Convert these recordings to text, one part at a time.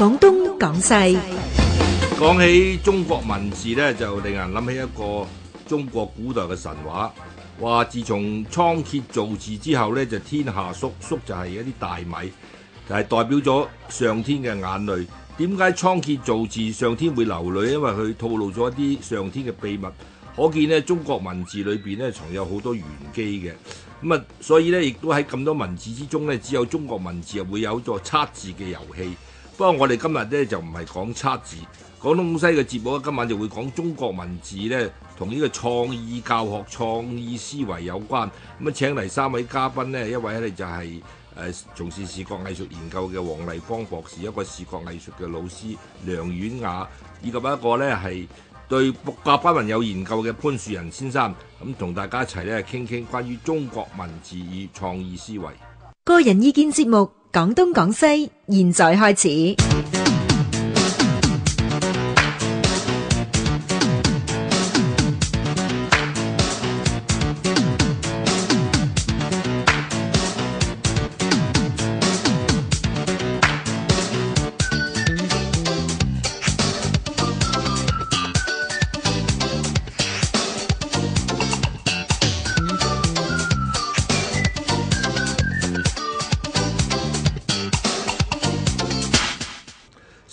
廣東講細，講起中國文字呢，就令人諗起一個中國古代嘅神話。話自從倉頡造字之後呢，就天下粟粟，就係一啲大米，就係、是、代表咗上天嘅眼淚。點解倉頡造字上天會流淚？因為佢透露咗一啲上天嘅秘密。可見呢，中國文字裏邊呢，藏有好多玄機嘅。咁啊，所以呢，亦都喺咁多文字之中呢，只有中國文字又會有一個測字嘅遊戲。不過我哋今日咧就唔係講測字，廣東西嘅節目，今晚就會講中國文字呢，同呢個創意教學、創意思維有關。咁啊請嚟三位嘉賓呢，一位呢、就係，就係誒從事視覺藝術研究嘅黃麗芳博士，一個視覺藝術嘅老師梁婉雅，以及一個咧係對甲骨文有研究嘅潘樹仁先生。咁同大家一齊呢，傾傾關於中國文字與創意思維。個人意見節目。講東講西，現在開始。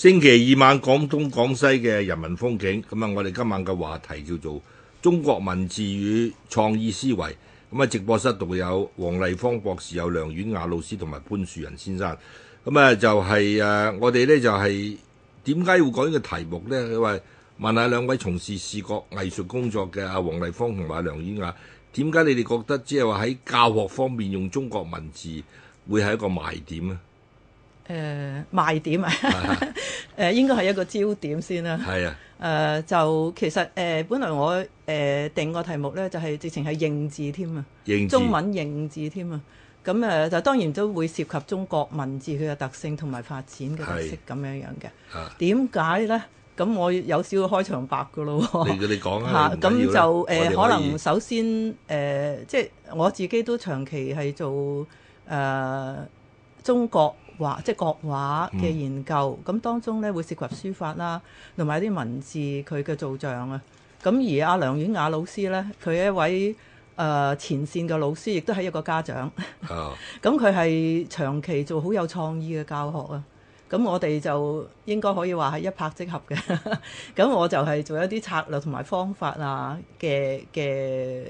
星期二晚廣東廣西嘅人民風景，咁啊，我哋今晚嘅話題叫做中國文字與創意思維。咁啊，直播室度有黃麗芳博士、有梁婉雅老師同埋潘樹仁先生。咁啊，就係、是、誒，我哋咧就係點解要改呢個題目咧？我話問下兩位從事視覺藝術工作嘅阿黃麗芳同埋梁婉雅，點解你哋覺得即係話喺教學方面用中國文字會係一個賣點啊？誒、呃、賣點啊！誒、啊 呃、應該係一個焦點先啦。係啊，誒、啊呃、就其實誒、呃、本來我誒、呃、定個題目咧，就係、是、直情係認字添啊，知中文認字添啊。咁、嗯、誒、呃、就當然都會涉及中國文字佢嘅特性同埋發展嘅特色咁樣樣嘅。點解咧？咁我有少少開場白噶咯喎嚇，咁、啊、就誒、呃、可，可能首先誒、呃、即係我自己都長期係做誒、呃、中國。畫即係國畫嘅研究，咁、嗯、當中咧會涉及書法啦，同埋一啲文字佢嘅造像啊。咁而阿、啊、梁婉雅老師咧，佢一位誒、呃、前線嘅老師，亦都係一個家長。啊！咁佢係長期做好有創意嘅教學啊。咁我哋就應該可以話係一拍即合嘅。咁我就係做一啲策略同埋方法啊嘅嘅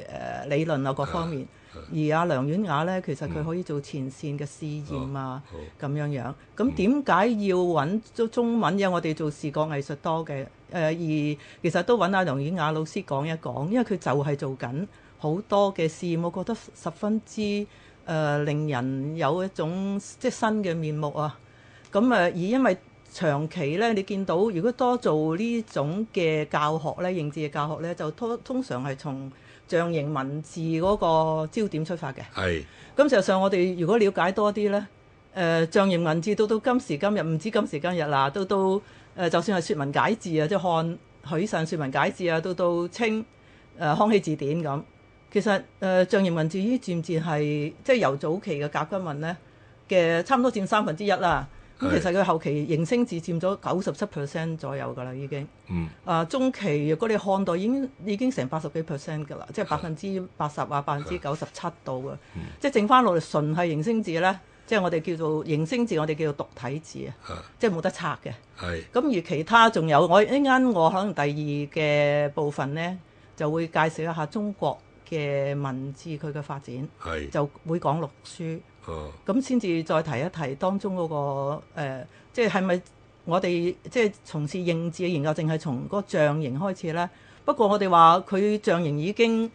誒理論啊各方面。啊而阿梁婉雅呢，其實佢可以做前線嘅試驗啊，咁樣、啊、樣。咁點解要揾中中文嘅？嗯、因為我哋做視覺藝術多嘅，誒、呃、而其實都揾阿梁婉雅老師講一講，因為佢就係做緊好多嘅試驗，我覺得十分之誒、呃、令人有一種即新嘅面目啊。咁、呃、誒而因為長期呢，你見到如果多做呢種嘅教學呢，認知嘅教學呢，就通通常係從。象形文字嗰個焦點出發嘅，係咁是。事、嗯、實上，我哋如果了解多啲咧，誒、呃，象形文字到到今時今日，唔知今時今日啦，到到誒、呃，就算係説文解字啊，即係漢許慎説文解字啊，到到清誒、呃、康熙字典咁，其實誒、呃，象形文字已經漸漸係即係由早期嘅甲骨文咧嘅，差唔多佔三分之一啦。咁其實佢後期形聲字佔咗九十七 percent 左右㗎啦，已經。嗯。啊，中期如果你看待已經已經成八十幾 percent 㗎啦，即係百分之八十啊，百分之九十七度嘅。即係淨翻落嚟純係形聲字咧，即係我哋叫做形聲字，字，我哋叫做獨體字啊。即係冇得拆嘅。係。咁而其他仲有，我一陣間我可能第二嘅部分咧，就會介紹一下中國嘅文字佢嘅發展。係。是 就會講六書。咁先至再提一提當中嗰個、呃、即係係咪我哋即係從事認字嘅研究，淨係從嗰個象形開始咧？不過我哋話佢象形已經、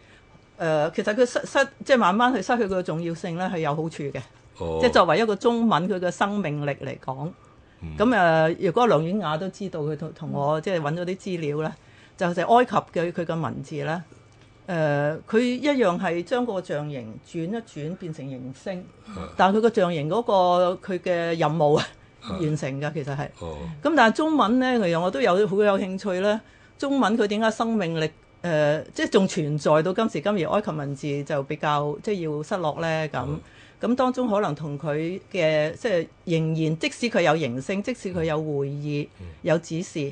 呃、其實佢失失即係、就是、慢慢去失去佢嘅重要性咧，係有好處嘅。Oh. 即係作為一個中文佢嘅生命力嚟講，咁、mm. 呃、如果梁婉雅都知道佢同同我即係揾咗啲資料呢，就係、是、埃及嘅佢嘅文字呢。誒，佢、uh, 一樣係將個象形轉一轉變成形聲，uh, 但係佢個象形嗰、那個佢嘅任務 完成㗎，其實係。咁、uh, uh. 但係中文呢，其實我都有好有興趣呢。中文佢點解生命力誒，uh, 即係仲存在到今時今日？埃及文字就比較即係要失落呢？咁咁、uh. 當中可能同佢嘅即係仍然，即使佢有形聲，即使佢有會意、uh. 有指事，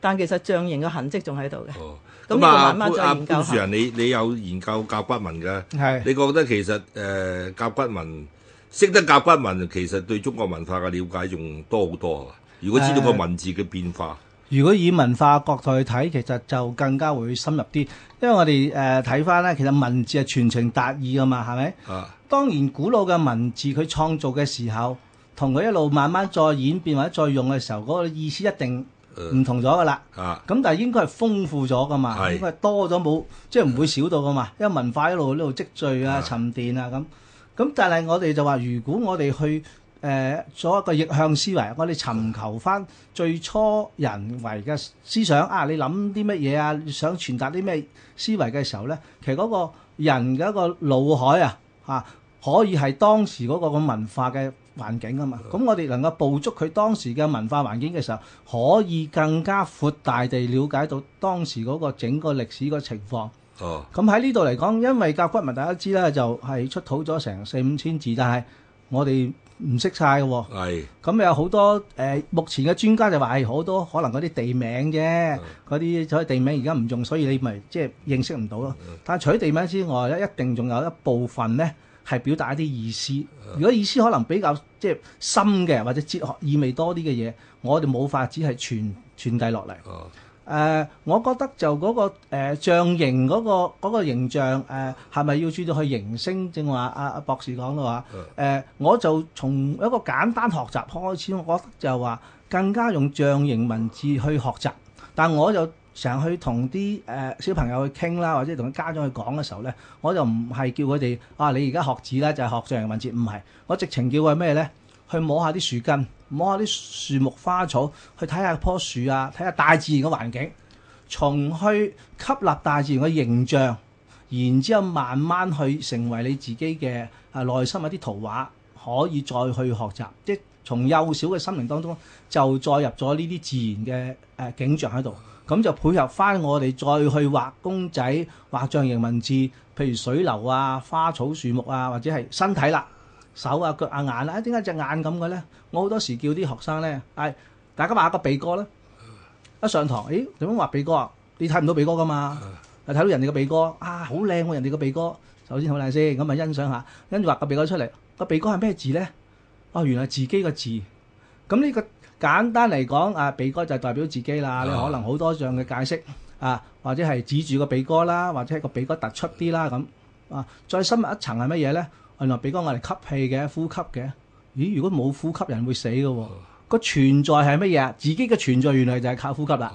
但其實象形嘅痕跡仲喺度嘅。Uh. 咁啊，阿潘樹仁，你你有研究甲骨文嘅？係是你覺得其實誒、呃、甲骨文識得甲骨文，其實對中國文化嘅了解仲多好多啊！如果知道個文字嘅變化、呃，如果以文化角度去睇，其實就更加會深入啲，因為我哋誒睇翻咧，其實文字係傳情達意嘅嘛，係咪？啊！當然古老嘅文字，佢創造嘅時候，同佢一路慢慢再演變或者再用嘅時候，嗰、那個意思一定。唔同咗噶啦，咁但係應該係豐富咗噶嘛，應該多咗冇，即係唔會少到噶嘛，因為文化一路一路積聚啊、沉澱啊咁，咁但係我哋就話，如果我哋去誒做一個逆向思維，我哋尋求翻最初人為嘅思想啊，你諗啲乜嘢啊，想傳達啲咩思維嘅時候咧，其實嗰個人嘅一個腦海啊，嚇可以係當時嗰個咁文化嘅環境啊嘛，咁我哋能夠捕捉佢當時嘅文化環境嘅時候，可以更加闊大地瞭解到當時嗰個整個歷史嘅情況。哦，咁喺呢度嚟講，因為甲骨文大家知啦，就係出土咗成四五千字，但係我哋唔識曬嘅喎。係。咁有好多誒，目前嘅專家就話係好多可能嗰啲地名嘅嗰啲，所以地名而家唔用，所以你咪即係認識唔到咯。但係除咗地名之外，一一定仲有一部分咧。係表達一啲意思，如果意思可能比較即係深嘅或者哲學意味多啲嘅嘢，我哋冇法子係傳傳遞落嚟。誒、哦呃，我覺得就嗰、那個、呃、象形嗰、那個嗰、那個、形象誒，係、呃、咪要注意到去形聲？正話阿阿博士講嘅話，誒、哦呃，我就從一個簡單學習開始，我覺得就話更加用象形文字去學習，但我就。成日去同啲誒小朋友去傾啦，或者同啲家長去講嘅時候咧，我就唔係叫佢哋啊！你而家學字咧，就係、是、學象形文字，唔係。我直情叫佢咩咧？去摸下啲樹根，摸下啲樹木花草，去睇下棵樹啊，睇下大自然嘅環境，從去吸納大自然嘅形象，然之後慢慢去成為你自己嘅啊內心一啲圖畫，可以再去學習，即係從幼小嘅心靈當中就再入咗呢啲自然嘅、呃、景象喺度。咁就配合翻我哋再去畫公仔、畫象形文字，譬如水流啊、花草樹木啊，或者係身體啦、手啊、腳啊、眼啦。點解隻眼咁嘅咧？我好多時叫啲學生咧，誒，大家畫個鼻哥啦。一上堂，咦，點樣畫鼻哥？你睇唔到鼻哥噶嘛？啊，睇到人哋嘅鼻哥啊，好靚喎！人哋嘅鼻哥首先好靚先，咁啊欣賞下，跟住畫個鼻哥出嚟。個鼻哥係咩字咧？哦，原來自己個字。咁呢個。簡單嚟講，啊鼻哥就代表自己啦。你可能好多噉樣嘅解釋，啊或者係指住個鼻哥啦，或者個鼻哥突出啲啦咁。啊，再深入一層係乜嘢咧？原來鼻哥我哋吸氣嘅、呼吸嘅。咦，如果冇呼吸，人會死嘅喎。個、哦、存在係乜嘢？自己嘅存在原來就係靠呼吸啦。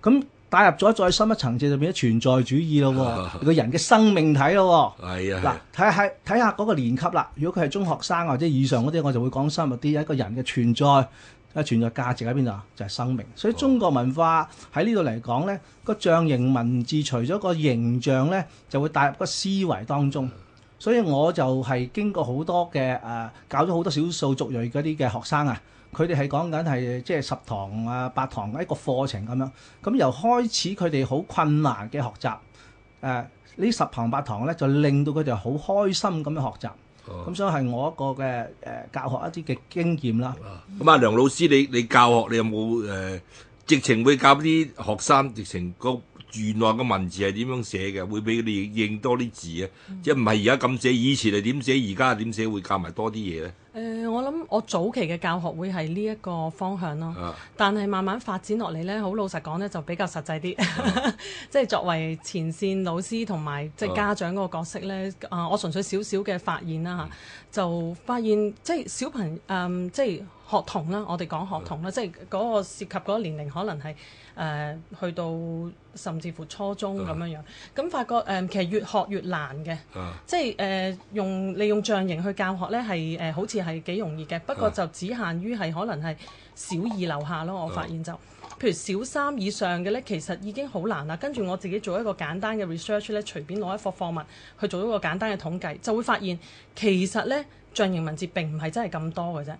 咁帶、哦、入咗再深一層，就就變咗存在主義咯。哦、一個人嘅生命體咯。係、哎、呀啊。嗱的，睇下睇下嗰個年級啦。如果佢係中學生或者以上嗰啲，我就會講深入啲一個人嘅存在。啊！存在價值喺邊度啊？就係生命。所以中國文化喺呢度嚟講咧，個象形文字除咗個形象咧，就會帶入個思維當中。所以我就係經過好多嘅誒，搞咗好多小數族裔嗰啲嘅學生啊，佢哋係講緊係即係十堂啊、八堂一個課程咁樣。咁由開始佢哋好困難嘅學習，誒呢十堂八堂咧，就令到佢哋好開心咁樣學習。咁所以係我一個嘅、呃、教學一啲嘅經驗啦。咁啊、嗯，梁老師你你教學你有冇誒、呃、直情會教啲學生直情個原來嘅文字係點樣寫嘅？會俾你認，認多啲字啊！嗯、即係唔係而家咁寫，以前你點寫，而家點寫，會教埋多啲嘢咧。嗯我諗我早期嘅教學會係呢一個方向咯，啊、但係慢慢發展落嚟呢，好老實講呢，就比較實際啲，即係、啊、 作為前線老師同埋即係家長嗰個角色呢，啊、啊，我純粹少少嘅發現啦嚇，嗯、就發現即係、就是、小朋誒即係學童啦，我哋講學童啦，即係嗰個涉及嗰個年齡可能係誒、呃、去到甚至乎初中咁樣、啊、樣，咁發覺誒、呃、其實越學越難嘅，即係誒用利用象形去教學呢，係誒、呃、好似係幾容易嘅，不過就只限於係可能係小二樓下咯。我發現就，譬如小三以上嘅呢，其實已經好難啦。跟住我自己做一個簡單嘅 research 呢，隨便攞一課課文去做一個簡單嘅統計，就會發現其實呢象形文字並唔係真係咁多嘅啫。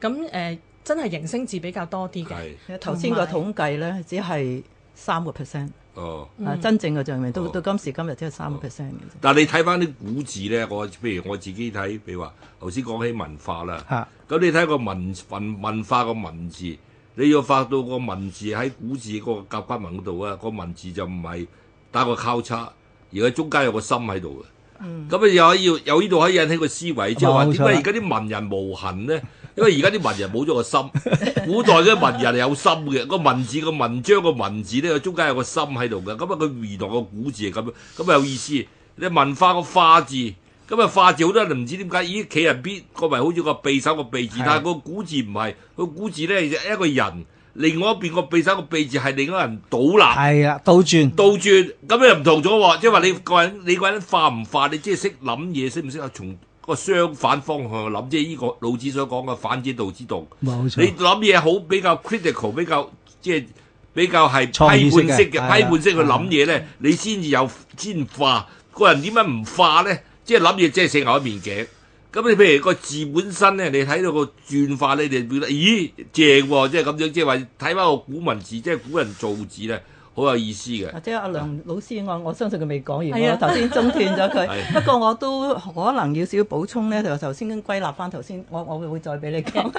咁誒、呃，真係形聲字比較多啲嘅。頭先個統計呢，只係三個 percent。哦，嗯、真正嘅象形都到、哦、今時今日即係三個 percent 嘅。但係你睇翻啲古字咧，我譬如我自己睇，譬如話頭先講起文化啦，咁、啊、你睇個文文文化個文字，你要發到個文字喺古字個甲骨文嗰度啊，個文字就唔係打個交叉，而係中間有個心喺度嘅。咁你、嗯、又可以有呢度可以引起個思維，即係話點解而家啲文人無痕咧？嗯因為而家啲文人冇咗個心，古代嘅文人係有心嘅，個 文字個文章個文字咧，中間有個心喺度嘅。咁啊，佢如同個古字咁，咁啊有意思。你文化個化字，咁啊化字好多人唔知點解，咦，企人邊個咪好似個匕首」個匕字，是的 但係個古字唔係，個古字咧係一個人，另外一邊個匕首」個匕字係另一個人倒立，係啊，倒轉，倒轉，咁啊又唔同咗。即係話你個人，你個人化唔化，你即係識諗嘢，識唔識啊從個相反方向諗，即係呢個老子所講嘅反者道之動，冇錯。你諗嘢好比較 critical，比較即係比較係批判式嘅批判式去諗嘢咧，哎呀，你先至有先化。個人點解唔化咧？即係諗嘢，即係死牛一面頸。咁你譬如個字本身咧，你睇到個轉化，你哋覺得咦，正喎啊？即係咁樣，即係話睇翻個古文字，即係古人造字咧。好有意思嘅，或者阿梁老師我我相信佢未講完我頭先中斷咗佢。不過我都可能要少少補充咧，就頭先歸納翻頭先，我我會再俾你講，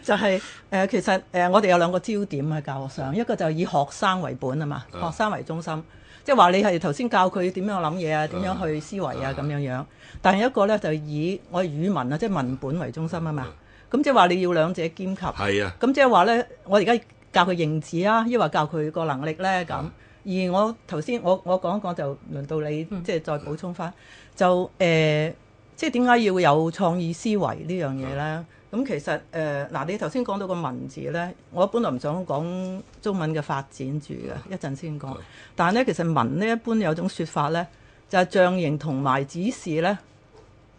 就係誒其實誒我哋有兩個焦點喺教學上，一個就以學生為本啊嘛，學生為中心，即係話你係頭先教佢點樣諗嘢啊，點樣去思維啊咁樣樣。但係一個咧就以我嘅語文啊，即係文本為中心啊嘛。咁即係話你要兩者兼及。係啊。咁即係話咧，我而家，教佢認字啊，抑或教佢個能力咧咁。嗯、而我頭先我我講一講就輪到你，嗯、即係再補充翻。嗯、就誒、呃，即係點解要有創意思維呢樣嘢咧？咁、嗯嗯、其實誒嗱、呃，你頭先講到個文字咧，我一般都唔想講中文嘅發展住嘅，嗯、一陣先講。嗯、但係咧，其實文咧一般有一種説法咧，就係、是、象形同埋指示咧。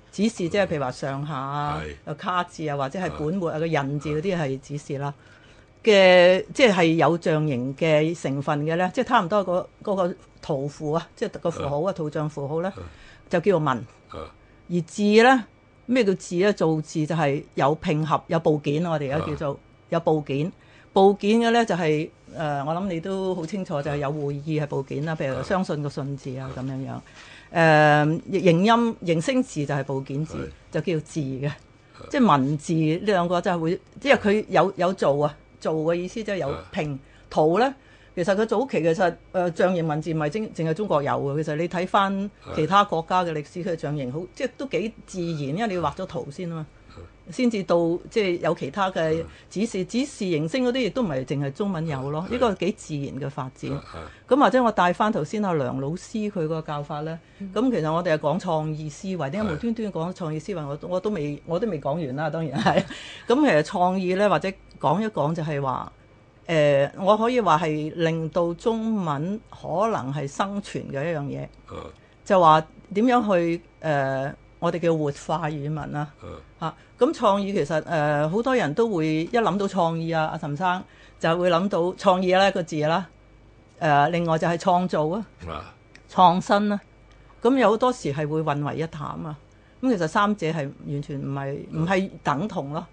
指示，即係譬如話上下，又、嗯、卡字啊，或者係本末啊，個、嗯、人字嗰啲係指示啦。嗯嗯嘅即係有象形嘅成分嘅咧，即係差唔多、個嗰個圖符啊，即係個符號啊，圖像符號咧，就叫做文。而字咧，咩叫字咧？造字就係有拼合、有部件。我哋而家叫做有部件。部件嘅咧就係、是、誒、呃，我諗你都好清楚，就係有會意係部件啦，譬如相信個信字啊咁樣樣。誒、呃，形音形聲字就係部件字，就叫做字嘅，是的即係文字呢兩個真係會，即係佢有有做啊。做嘅意思即係有拼圖咧，其實佢早期其實誒、呃、象形文字唔係淨，淨係中國有嘅。其實你睇翻其他國家嘅歷史，佢象形好，即係都幾自然，因為你要畫咗圖先啊嘛。先至到即係、就是、有其他嘅指示，的指示形聲嗰啲亦都唔係淨係中文有咯，呢的個幾自然嘅發展。咁或者我帶翻頭先阿梁老師佢個教法呢。咁、嗯、其實我哋係講創意思維，點解無端端講創意思維？我的我都未，我都未講完啦，當然係。咁的其實創意呢，或者講一講就係話，誒、呃、我可以話係令到中文可能係生存嘅一樣嘢，的就話點樣去誒、呃我哋叫活化語文啦嚇，咁、uh, 啊、創意其實誒好、呃、多人都會一諗到創意啊，阿岑生就會諗到創意呢一個字啦、啊。誒、呃，另外就係創造啊，uh, 創新啊，咁有好多時係會混為一談啊。咁其實三者係完全唔係唔係等同咯、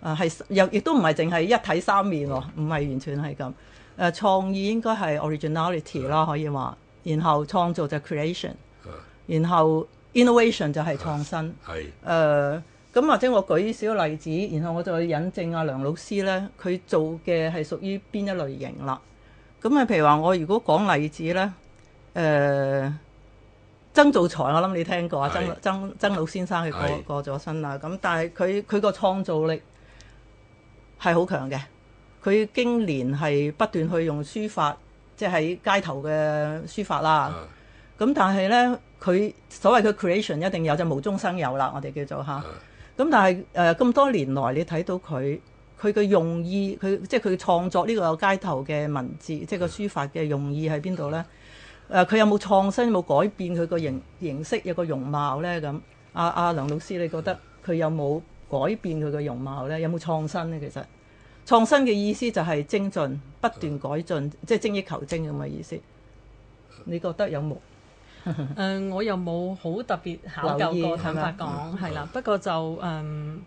啊。誒係、uh, 啊、又亦都唔係淨係一體三面喎、啊，唔係、uh, 完全係咁。誒、啊，創意應該係 originality 啦，uh, 可以話。然後創造就 creation，uh, 然後。Innovation 就係創新，誒咁或者我舉少個例子，然後我再引證阿梁老師咧，佢做嘅係屬於邊一類型啦。咁啊，譬如話我如果講例子咧，誒、呃、曾灶財，我諗你聽過啊是，曾曾曾老先生佢過是過咗身啦，咁但係佢佢個創造力係好強嘅，佢經年係不斷去用書法，即係喺街頭嘅書法啦。咁是但係咧。佢所謂嘅 creation 一定有就係、無中生有啦，我哋叫做吓，咁但係誒咁多年來你看，你睇到佢佢嘅用意，佢即係佢創作呢個街頭嘅文字，即係個書法嘅用意喺邊度呢？誒、呃，佢有冇創新冇改變佢個形形式有個容貌呢？咁，阿、啊、阿梁老師，你覺得佢有冇改變佢嘅容貌呢？有冇創新呢？其實創新嘅意思就係精進、不斷改進，即、就、係、是、精益求精咁嘅意思。你覺得有冇？誒， uh, 我又冇好特別考究過，坦白講係啦，不過就誒誒，佢、嗯、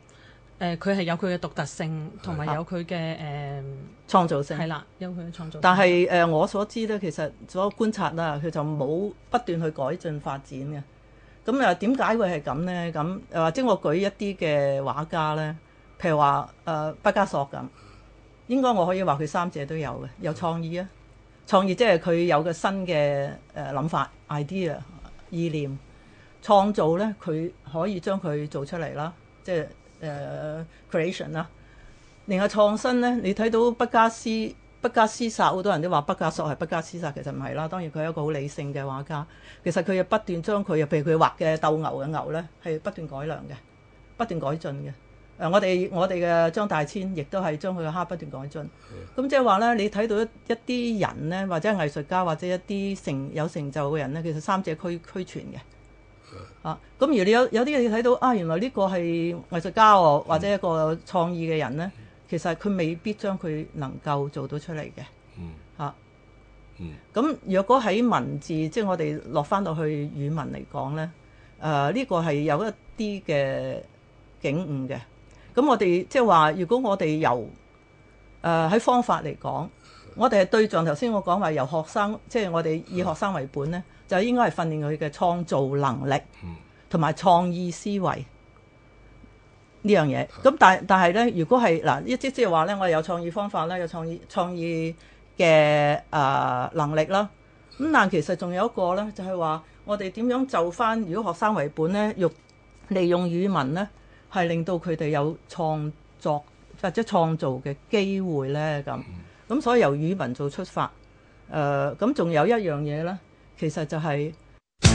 係、呃、有佢嘅獨特性，同埋有佢嘅誒創造性係啦，有佢嘅創造。但係誒、呃，我所知咧，其實所觀察啦，佢就冇不斷去改進發展嘅。咁啊，點、呃、解會係咁咧？咁誒，或、呃、者我舉一啲嘅畫家咧，譬如話誒畢加索咁，應該我可以話佢三者都有嘅，有創意啊。創業即係佢有個新嘅誒諗法 idea 意念。創造呢，佢可以將佢做出嚟啦，即係誒、uh, creation 啦。另外創新呢，你睇到畢加斯、畢加斯殺，好多人都話畢加索係畢加斯殺，其實唔係啦。當然佢係一個好理性嘅畫家，其實佢又不斷將佢又譬如佢畫嘅鬥牛嘅牛呢，係不斷改良嘅，不斷改進嘅。誒，我哋我哋嘅張大千亦都係將佢嘅畫不斷改進。咁即係話咧，你睇到一一啲人咧，或者係藝術家，或者一啲成有成就嘅人咧，其實三者俱俱全嘅。的啊，咁而你有有啲你睇到啊，原來呢個係藝術家哦，的或者一個創意嘅人咧，其實佢未必將佢能夠做到出嚟嘅。嗯的。啊，咁若果喺文字，即係我哋落翻落去語文嚟講咧，誒呢個係有一啲嘅景悟嘅。咁我哋即係話，如果我哋由誒喺、呃、方法嚟講，我哋係對象頭先我講話由學生，即係我哋以學生為本咧，就應該係訓練佢嘅創造能力，同埋創意思維呢樣嘢。咁但但係咧，如果係嗱一即即係話咧，我哋有創意方法咧，有創意創意嘅誒、呃、能力啦。咁但其實仲有一個咧，就係、係、話我哋點樣就返如果學生為本咧，用利用語文咧？係令到佢哋有創作或者創造嘅機會呢，咁咁所以由語文做出發，誒咁仲有一樣嘢呢，其實就係、是、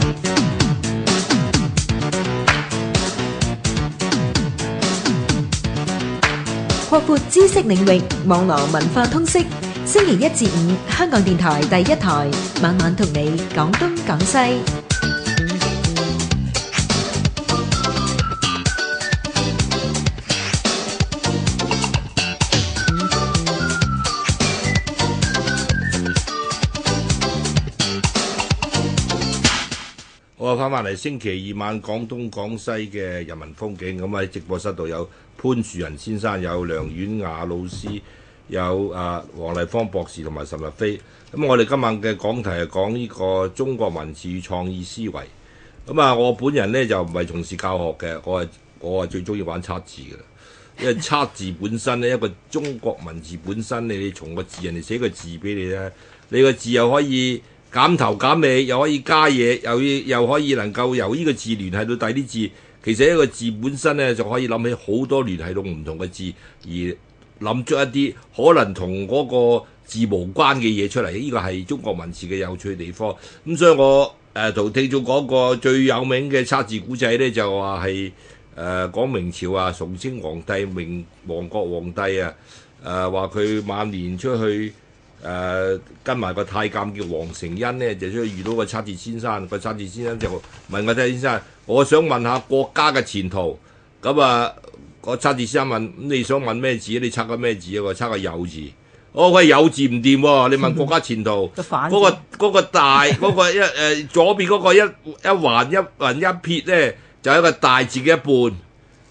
擴闊知識領域、網絡文化、通識。星期一至五，香港電台第一台，晚晚同你講東講西。我翻翻嚟星期二晚廣東廣西嘅人民風景，咁、嗯、喺直播室度有潘樹仁先生、有梁婉雅老師、有啊黃麗芳博士同埋岑逸飛。咁、嗯、我哋今晚嘅講題係講呢個中國文字與創意思維。咁、嗯、啊，我本人呢，就唔係從事教學嘅，我係我係最中意玩測字嘅。因為測字本身呢，一個中國文字本身，你從個字人哋寫個字俾你咧，你個字又可以。減頭減尾又可以加嘢，又要又可以能夠由呢個字聯繫到第啲字，其實一個字本身咧就可以諗起好多聯繫到唔同嘅字，而諗出一啲可能同嗰個字無關嘅嘢出嚟。呢個係中國文字嘅有趣地方。咁所以我誒同、呃、聽眾講個最有名嘅測字古仔咧，就話係誒講明朝啊，崇禎皇帝明亡國皇帝啊，誒話佢晚年出去。誒、呃、跟埋個太監叫黃成恩咧，就出去遇到個測字先生。個測字先生就問我咧，先生，我想問一下國家嘅前途咁啊。個測字先生問：咁你想問咩字你測個咩字啊？我測個有字。哦，佢有字唔掂喎，你問國家前途嗰、 嗰個嗰、嗰個大嗰、嗰個一、呃、左邊嗰個一一橫一橫一撇咧，就係一個大字嘅一半。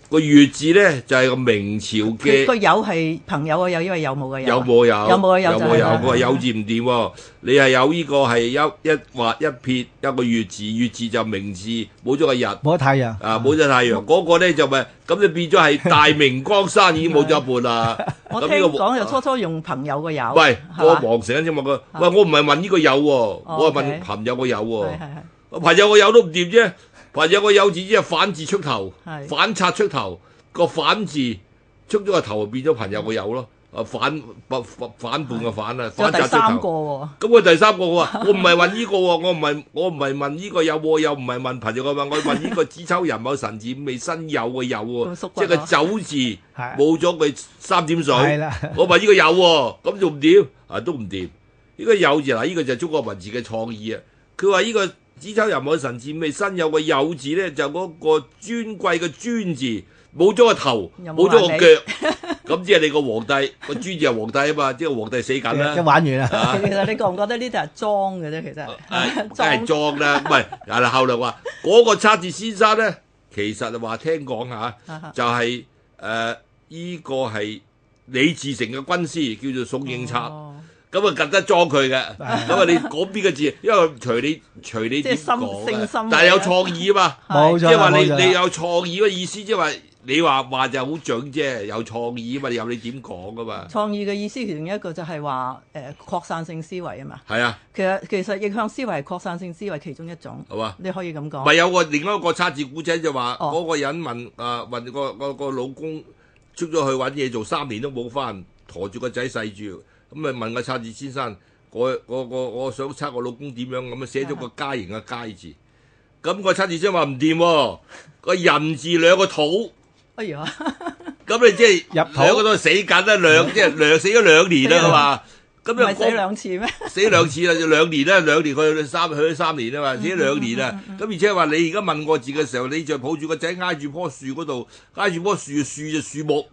個月字咧就係個明朝嘅個友」係朋友個友」，因為有冇嘅有」。有冇有有冇個有」？就係，我話有」字唔掂，你係有呢個係一一畫一撇，一個月字，月字就明字，冇咗個日，冇太陽啊，冇咗太陽，嗰個咧就咪咁你變咗係大明江山已經冇咗一半啦。我聽講就初初用朋友個友，喂，我黃成先問佢，喂，我唔係問呢個友，我係問朋友個友，朋友個友都唔掂啫。或者個友」字即係反字出頭，是反拆出頭個反字出咗個頭，變咗朋友個友」咯。啊反不反叛個反啊，反拆的出頭。咁佢第三個喎、哦哦，我唔係問呢個喎、哦，我唔係我唔係問呢個有，有，又唔係問朋友的，我問我問呢個子秋人某神字未新有個有喎、哦，即係個酒字冇咗佢三點水。我問呢個有喎，咁仲唔掂？啊都唔掂。呢個友」字嗱，呢個就係中國文字嘅創意啊。佢話呢個。子秋又冇神智，未身有個幼字咧，就嗰個尊貴嘅尊字，冇咗個頭，冇咗個腳，咁即係你個皇帝個尊字係皇帝啊嘛，即係皇帝死緊啦。即係玩完啦。啊、其實你覺唔覺得呢啲係裝嘅啫、 那個？其實係裝係裝啦，唔係，係啦。後來話嗰個測字先生咧，其實就話聽講吓，就係誒呢個係李自成嘅軍師，叫做宋應策。哦咁啊，更加裝佢嘅。咁啊，你嗰邊個字，因為隨你隨你即點講嘅，但係有創意啊嘛。冇錯錯，即係話你錯你有創意嘅意思，即係話你話話就好準啫，有創意啊嘛，由你點講噶嘛。創意嘅意思，其中一個就係話誒擴散性思維啊嘛。係啊，其實其實逆向思維係擴散性思維其中一種，係嘛吧？你可以咁講。咪有個另外一個測字古仔就話，嗰、哦、個人問啊問個個，個老公出咗去搵嘢做，三年都冇返，馱住個仔細住。咁咪問個測字先生，我我我，我想測我老公點樣咁、那個、啊？寫咗個佳型嘅佳字，咁個測字先話唔掂喎，個人字兩個土，哎呀呦，咁你即係入土嗰度死緊啦，兩即係兩、就是、兩死咗兩年啦嘛，咁你死兩次咩？ 死兩次啦，就兩年啦，兩年佢三去咗三年啊嘛，死咗兩年啦咁 而且話你而家問個字嘅時候，你就抱住個仔挨住棵樹嗰度，挨住棵樹樹就樹木。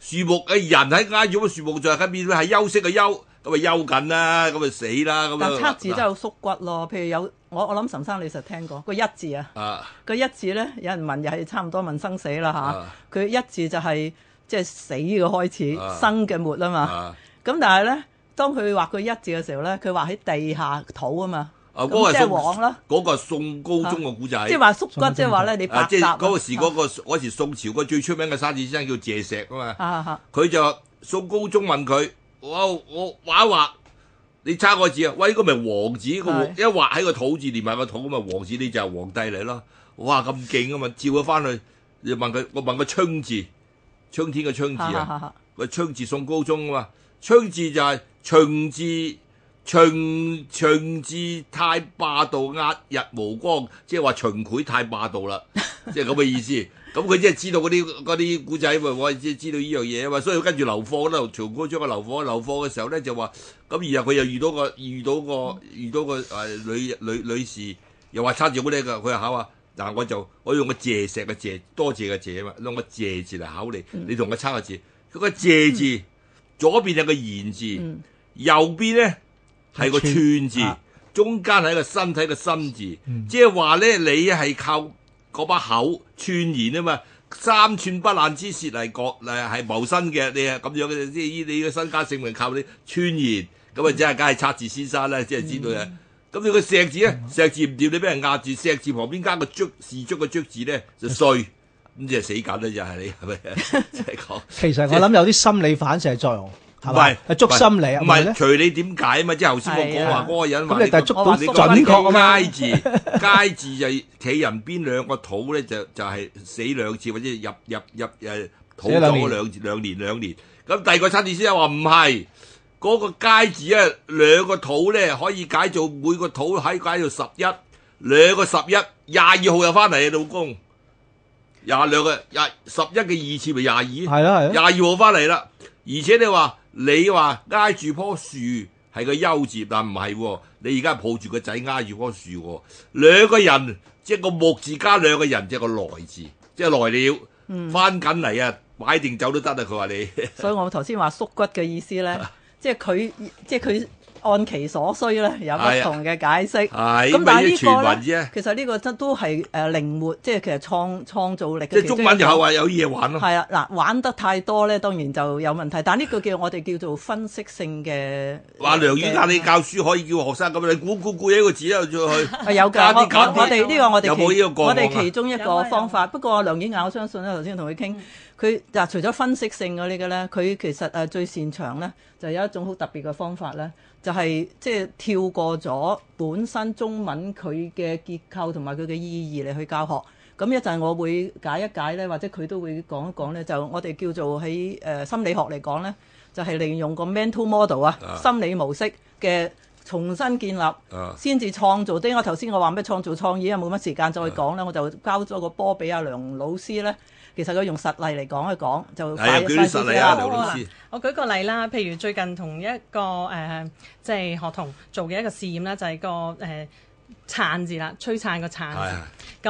樹木嘅人喺家，住乜樹木在喺面，咧？喺休息嘅休，咁咪休緊啦，咁咪死啦咁，但係測字真係好縮骨咯，譬如有我我諗岑生你實聽過個一字啊，個、啊、一字咧，有人問又係差唔多問生死啦吓，佢、啊啊、一字就係即係死嘅開始，啊、生嘅末啊嘛。咁、啊、但係咧，當佢畫個一字嘅時候咧，佢畫喺地下土啊嘛。啊，嗰個宋嗰個宋高宗個古仔，即係話縮骨，即係話咧，你白話、啊。嗰、啊、個時嗰、那個啊、時宋朝個最出名嘅沙子先生叫謝石啊嘛。佢、啊啊啊、就宋高宗問佢，哇，我畫一畫，你差個字啊？喂，呢咪王字是個，一畫喺個土字連埋個土咁嘛。王字你就係皇帝嚟咯。哇，咁勁啊嘛，照咗翻去，你問佢，我問個昌字，昌天個昌字啊，個、啊、昌、啊、字宋高宗啊嘛，昌字就係窗字。秦秦字太霸道，壓日無光，即係話秦檜太霸道啦，即係咁嘅意思。咁佢即係知道嗰啲啲古仔，話我知知道呢樣嘢啊嘛。所以跟住留課嗰度，秦哥將個留課留課嘅時候咧，就話咁。然後佢又遇到個遇到個遇到個誒、呃、女女女士，又話猜字好你噶。佢又考啊，嗱我就我用個謝石嘅謝，多謝嘅謝嘛，攞個謝字嚟考、嗯、你，你同佢猜個字。佢、那個謝字左邊係個言字，右邊咧。係個串字，中間係一個身體嘅心字，嗯、即係話咧，你係靠嗰把口串言啊嘛，三寸不爛之舌嚟國，係係謀生嘅，你係咁樣嘅，即係依你個身家性命靠你串言，咁啊即係梗係拆字先生、嗯、那那呢，即係知道啦。咁你個石字咧，石字唔掂，你俾人壓住，石字旁邊加個卒，士卒個卒字咧就碎咁就死緊啦，就係你係咪？即係講，其實我諗有啲心理反射作用。唔係，係捉心理啊！唔係，隨你點解啊嘛，即係頭先我講話嗰個人。咁你但係捉到準確？街字，街字就企人邊兩個土咧，就就係死兩次，或者入入入誒土咗兩兩年兩年。咁第二個測字師又話唔係，嗰個街字咧兩個土咧可以解做每個土喺解到十一，兩個十一廿二號又翻嚟啊，老公廿兩啊，廿十一嘅二次咪廿二？係咯係咯，廿二號翻嚟啦，而且你話。你話挨住棵樹係個休字，但唔係喎。你而家抱住個仔挨住棵樹喎，兩個人即係個木字加兩個人即係個來字，即係來了，翻緊嚟啊！擺定走都得啊！佢話你，嗯、 所以我頭先話縮骨嘅意思咧， 即係佢，即係佢。按其所需咧，有不同嘅解釋。係咁，但係呢個其實呢個真都係誒靈活，即係其實創造力嘅。中文又話有嘢玩咯。啊，嗱，玩得太多咧，當然就有問題。但呢個叫我哋叫做分析性嘅。話梁婉雅你教書可以叫學生咁，你估估估一個字啊，再去有㗎。我哋呢個我哋我哋其中一個方法。不過梁婉雅我相信咧，頭先同佢傾，佢嗱除咗分析性嗰啲嘅咧，佢其實最擅長咧，就有一種好特別嘅方法咧。就係即係跳過咗本身中文佢嘅結構同埋佢嘅意義嚟去教學。咁一陣我會解一解咧，或者佢都會講一講呢，就我哋叫做喺誒心理學嚟講呢，就係利用個 mental model 啊，心理模式嘅重新建立先至創造的。因為我頭先我話咩創造創意啊，冇乜時間再講呢，我就交咗個波俾阿梁老師呢。其實佢用實例嚟講去講，就快舉、哎、實例啊！好老師我舉個例啦，譬如最近同一個誒，即、呃、係、就是、學童做嘅一個試驗啦，就係、是、個誒、呃、撐字啦，吹撐個撐。咁誒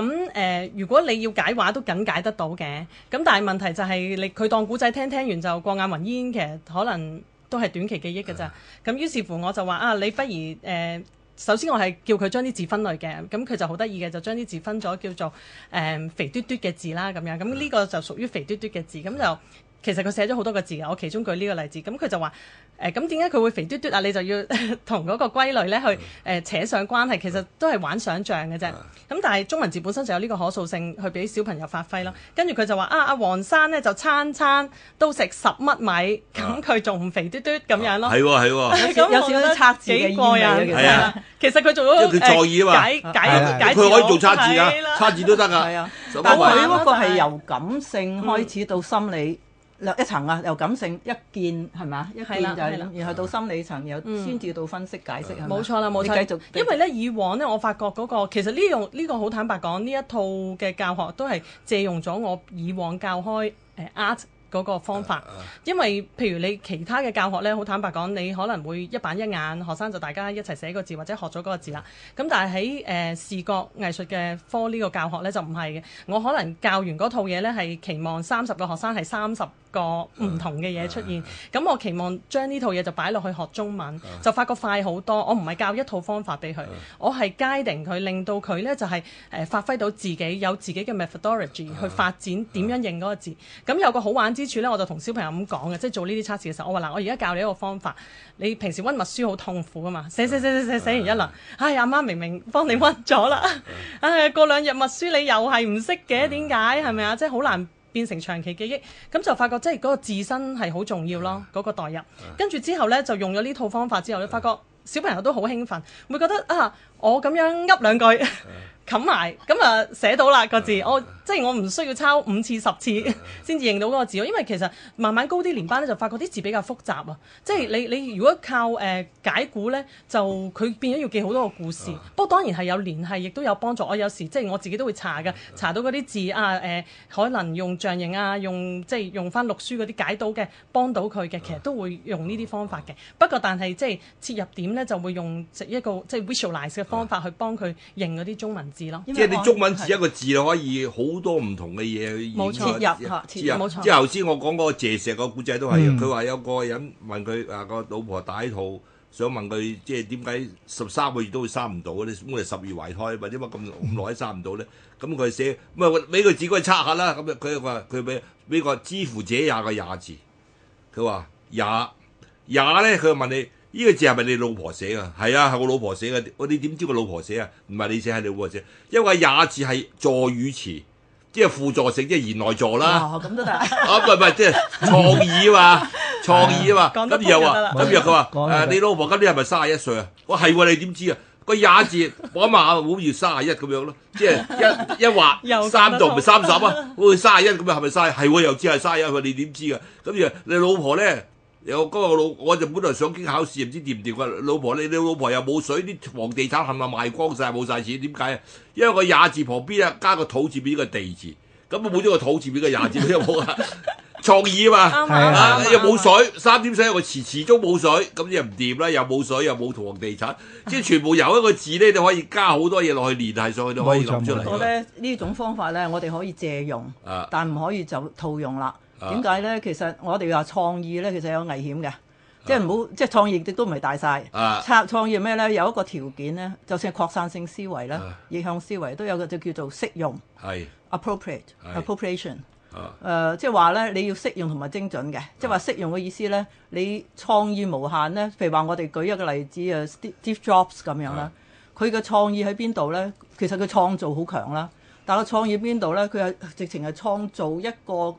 的、嗯呃，如果你要解畫都解得到嘅，咁但係問題就係、是、你佢當古仔聽，聽完就過眼雲煙，其實可能都係短期記憶㗎咋。咁的於是乎我就話啊，你不如誒。呃首先我係叫佢將啲字分類嘅，咁佢就好得意嘅，就將啲字分咗叫做誒、嗯、肥嘟嘟嘅字啦，咁樣，咁呢個就屬於肥嘟嘟嘅字，咁就。其實佢寫咗好多個字，我其中舉呢個例子，咁佢就話：誒咁點解佢會肥嘟嘟啊？你就要同嗰個規律咧去誒扯上關係，其實都係玩想像嘅啫。咁但係中文字本身就有呢個可塑性，去俾小朋友發揮咯。跟住佢就話：啊啊黃生咧就餐餐都食十乜米，咁佢仲唔肥嘟嘟咁樣咯？係喎係喎，有時都拆字嘅啊，其實佢做咗誒解解解，佢可以做拆字啊，拆字都得噶。係啊，佢嗰個係由感性開始到心理。落一層啊，由感性一見係嘛，一見就係、是，的然後到心理層又先至到分析解釋係嘛，冇錯啦冇錯。繼續。因為咧以往咧，我發覺嗰、那個其實呢樣呢個好、這個、坦白講，呢一套嘅教學都係借用咗我以往教開誒、呃、art。嗰個方法，因為譬如你其他嘅教學咧，好坦白講，你可能會一板一眼，學生就大家一齊寫個字或者學咗個字啦。咁但係喺誒視覺藝術嘅科呢個教學咧就唔係嘅，我可能教完套嘢咧係期望三十個學生係三十個唔同嘅嘢出現，咁我期望將呢套嘢就擺落去學中文，就發覺快好多。我唔係教一套方法俾佢，我係 guiding 佢，令到佢咧就係、是、誒、呃、發揮到自己有自己嘅 methodology 去發展點樣認嗰個字。咁有個好玩之處咧，我就同小朋友咁講嘅，即係做呢啲測試嘅時候，我話嗱，我而家教你一個方法。你平時溫默書好痛苦噶嘛，寫寫寫寫寫寫完一輪，唉，阿媽明明幫你溫咗啦，唉，過兩日默書你又係唔識嘅，點解，係咪啊？即係好難變成長期記憶。咁就發覺即係嗰個自身係好重要咯，嗰個代入。跟住之後咧，就用咗呢套方法之後，發覺小朋友都好興奮，會覺得啊，我咁樣噏兩句，冚埋，咁啊寫到啦個字，我。即係我唔需要抄五次十次先至認到嗰個字咯，因為其實慢慢高啲年班咧就發覺啲字比較複雜啊！即係你你如果靠誒、呃、解古咧，就佢變咗要記好多個故事。啊、不過當然係有聯繫亦都有幫助。我有時即係我自己都會查㗎查到嗰啲字啊、呃、可能用象形啊，用即係用翻六書嗰啲解到嘅，幫到佢嘅，其實都會用呢啲方法嘅。不過但係即係切入點咧，就會用一個即係 visualize 嘅方法去幫佢認嗰啲中文字咯。即係你中文字一個字可以好。好多唔同嘅嘢入，冇錯入。之即之頭先，入沒錯 我講個謝石個古仔都係，佢話、嗯、有個人問佢啊，個老婆大肚，想問佢即係點解十三個月都生唔到你啲，咁十月懷胎，為點解咁耐都生唔到咧？咁佢寫，咪俾個字佢測下啦。咁佢話佢俾俾個之乎者也個也字，佢話也也咧，佢問你呢、這個字係咪你老婆寫啊？係啊，係我老婆寫嘅。你我你點知個老婆寫啊？唔係你寫，係你老婆寫，因為也字係助語詞。即係輔助性，即係賢內助啦。咁都得。啊，唔係唔係，即係創意嘛，創意啊嘛。咁又話，咁又佢話，誒，你老婆今年係咪卅一歲啊？我係喎，你點知啊？個廿字，我諗下，好似卅一咁樣咯。即係一一劃三度，咪三十啊？好似卅一咁啊，係咪卅？係又知係卅一，佢你點知啊？咁又你老婆咧？有個老，我就本來想經考試，唔知掂唔掂㗎老婆，你你老婆又冇水，啲黃地產係咪賣光晒，冇晒錢？點解啊？因為個廿字旁邊啊，加個土字邊個地字，咁冇咗個土字邊個廿字先有啊！創意啊嘛，又冇水，三點水個池，池中冇水，咁又唔掂啦，又冇水又冇黃地產，啊、即係全部由一個字咧，你可以加好多嘢落去連係上去都可以諗出嚟。咧呢種方法咧，我哋可以借用，啊、但唔可以就套用啦。點解咧？其實我哋話創意咧，其實有危險嘅，即係唔好即係創意亦都唔係大曬。啊、拆創意咩咧？有一個條件咧，就算係擴散性思維啦，啊、逆向思維都有一個就叫做適用係 appropriate appropriation。誒，即係話咧，你要適用同埋精準嘅，即係話適用嘅意思咧，你創意無限咧。譬如話，我哋舉一個例子誒，Steve Jobs 咁樣啦，佢嘅、啊、創意喺邊度咧？其實佢創造好強啦，但係佢創意邊度咧？佢係直情係創造一個。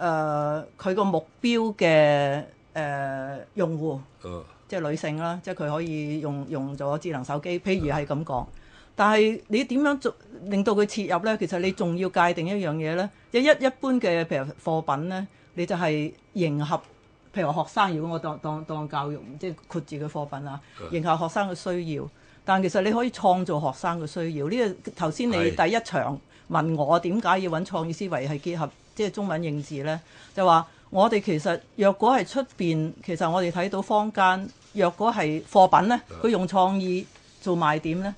誒，佢個目標嘅誒、呃、用戶，oh。即係女性啦，即係佢可以用用咗智能手機。譬如係咁講，oh。但係你點樣做令到佢切入咧？其實你仲要界定一樣嘢咧。一一一般嘅譬如貨品咧，你就係迎合，譬如話學生，如果我當當當教育，即係括住嘅貨品啦，oh。迎合學生嘅需要。但其實你可以創造學生嘅需要。呢、這個頭先你第一場、oh。問我點解要搵創意思維係結合。即係中文認字咧，就話我哋其實若果係出邊，其實我哋睇到坊間若果係貨品咧，佢用創意做賣點咧，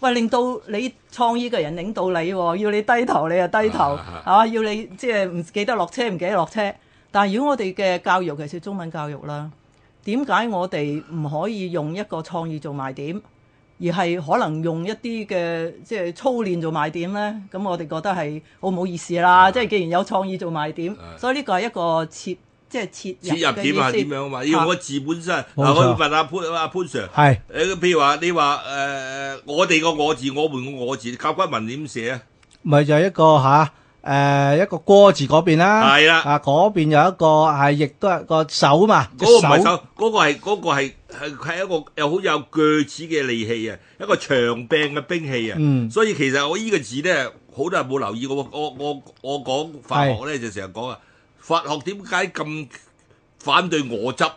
喂令到你創意嘅人領導你，要你低頭你就低頭嚇、啊啊，要你即係唔記得落車唔記得落車。但係如果我哋嘅教育，尤其是中文教育啦，點解我哋唔可以用一個創意做賣點？而係可能用一啲嘅即係操練做賣點咧，咁我哋覺得係好冇意思啦。的即係既然有創意做賣點的所以呢個係一個切即係切入嘅意思。切入點啊，點樣啊？要用個字本身啊，錯我問阿潘阿潘 Sir，係的、呃，你譬如話你話誒我哋個我字，我換個我字，甲骨文點寫、就是、啊？唔係就係一個嚇誒一個戈字嗰邊啦，係啦的，啊嗰邊有一個係、啊、亦都係個手啊嘛，嗰個唔係手，嗰個係嗰、那個係。那個係係一個又好有鋸齒嘅利器啊，一個長柄嘅兵器啊，嗯、所以其實我依個字咧，好多人冇留意過。我我我講佛學咧，是就成日講啊，佛學點解咁反對我執？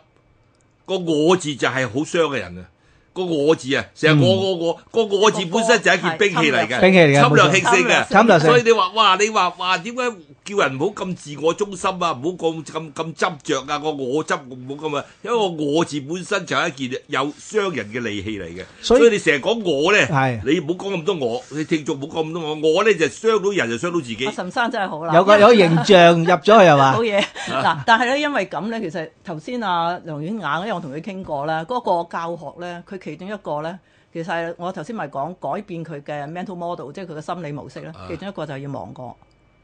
個我字就係好傷嘅人啊，個我字啊，成日、嗯、我我我個我字本身就係一件兵器嚟嘅，兵器嚟嘅，侵略性嘅，侵略性，所以你話，哇，你話，哇，點解？叫人唔好咁自我中心啊，唔好咁咁咁執著啊，我我執，唔好咁啊，因為我我字本身就係一件有傷人嘅利器嚟嘅，所以你成日講我咧，你唔好講咁多我，你聽眾唔好講咁多我，我咧就傷到人就傷到自己。阿岑生真係好啦，有個有個形象入咗去係嘛？好嘢嗱，但係咧因為咁咧，其實頭先阿梁婉雅，因為我同佢傾過啦，嗰個教學咧，佢其中一個咧，其實我頭先咪講改變佢嘅 mental model，即係佢嘅心理模式咧，其中一個就係要忘我。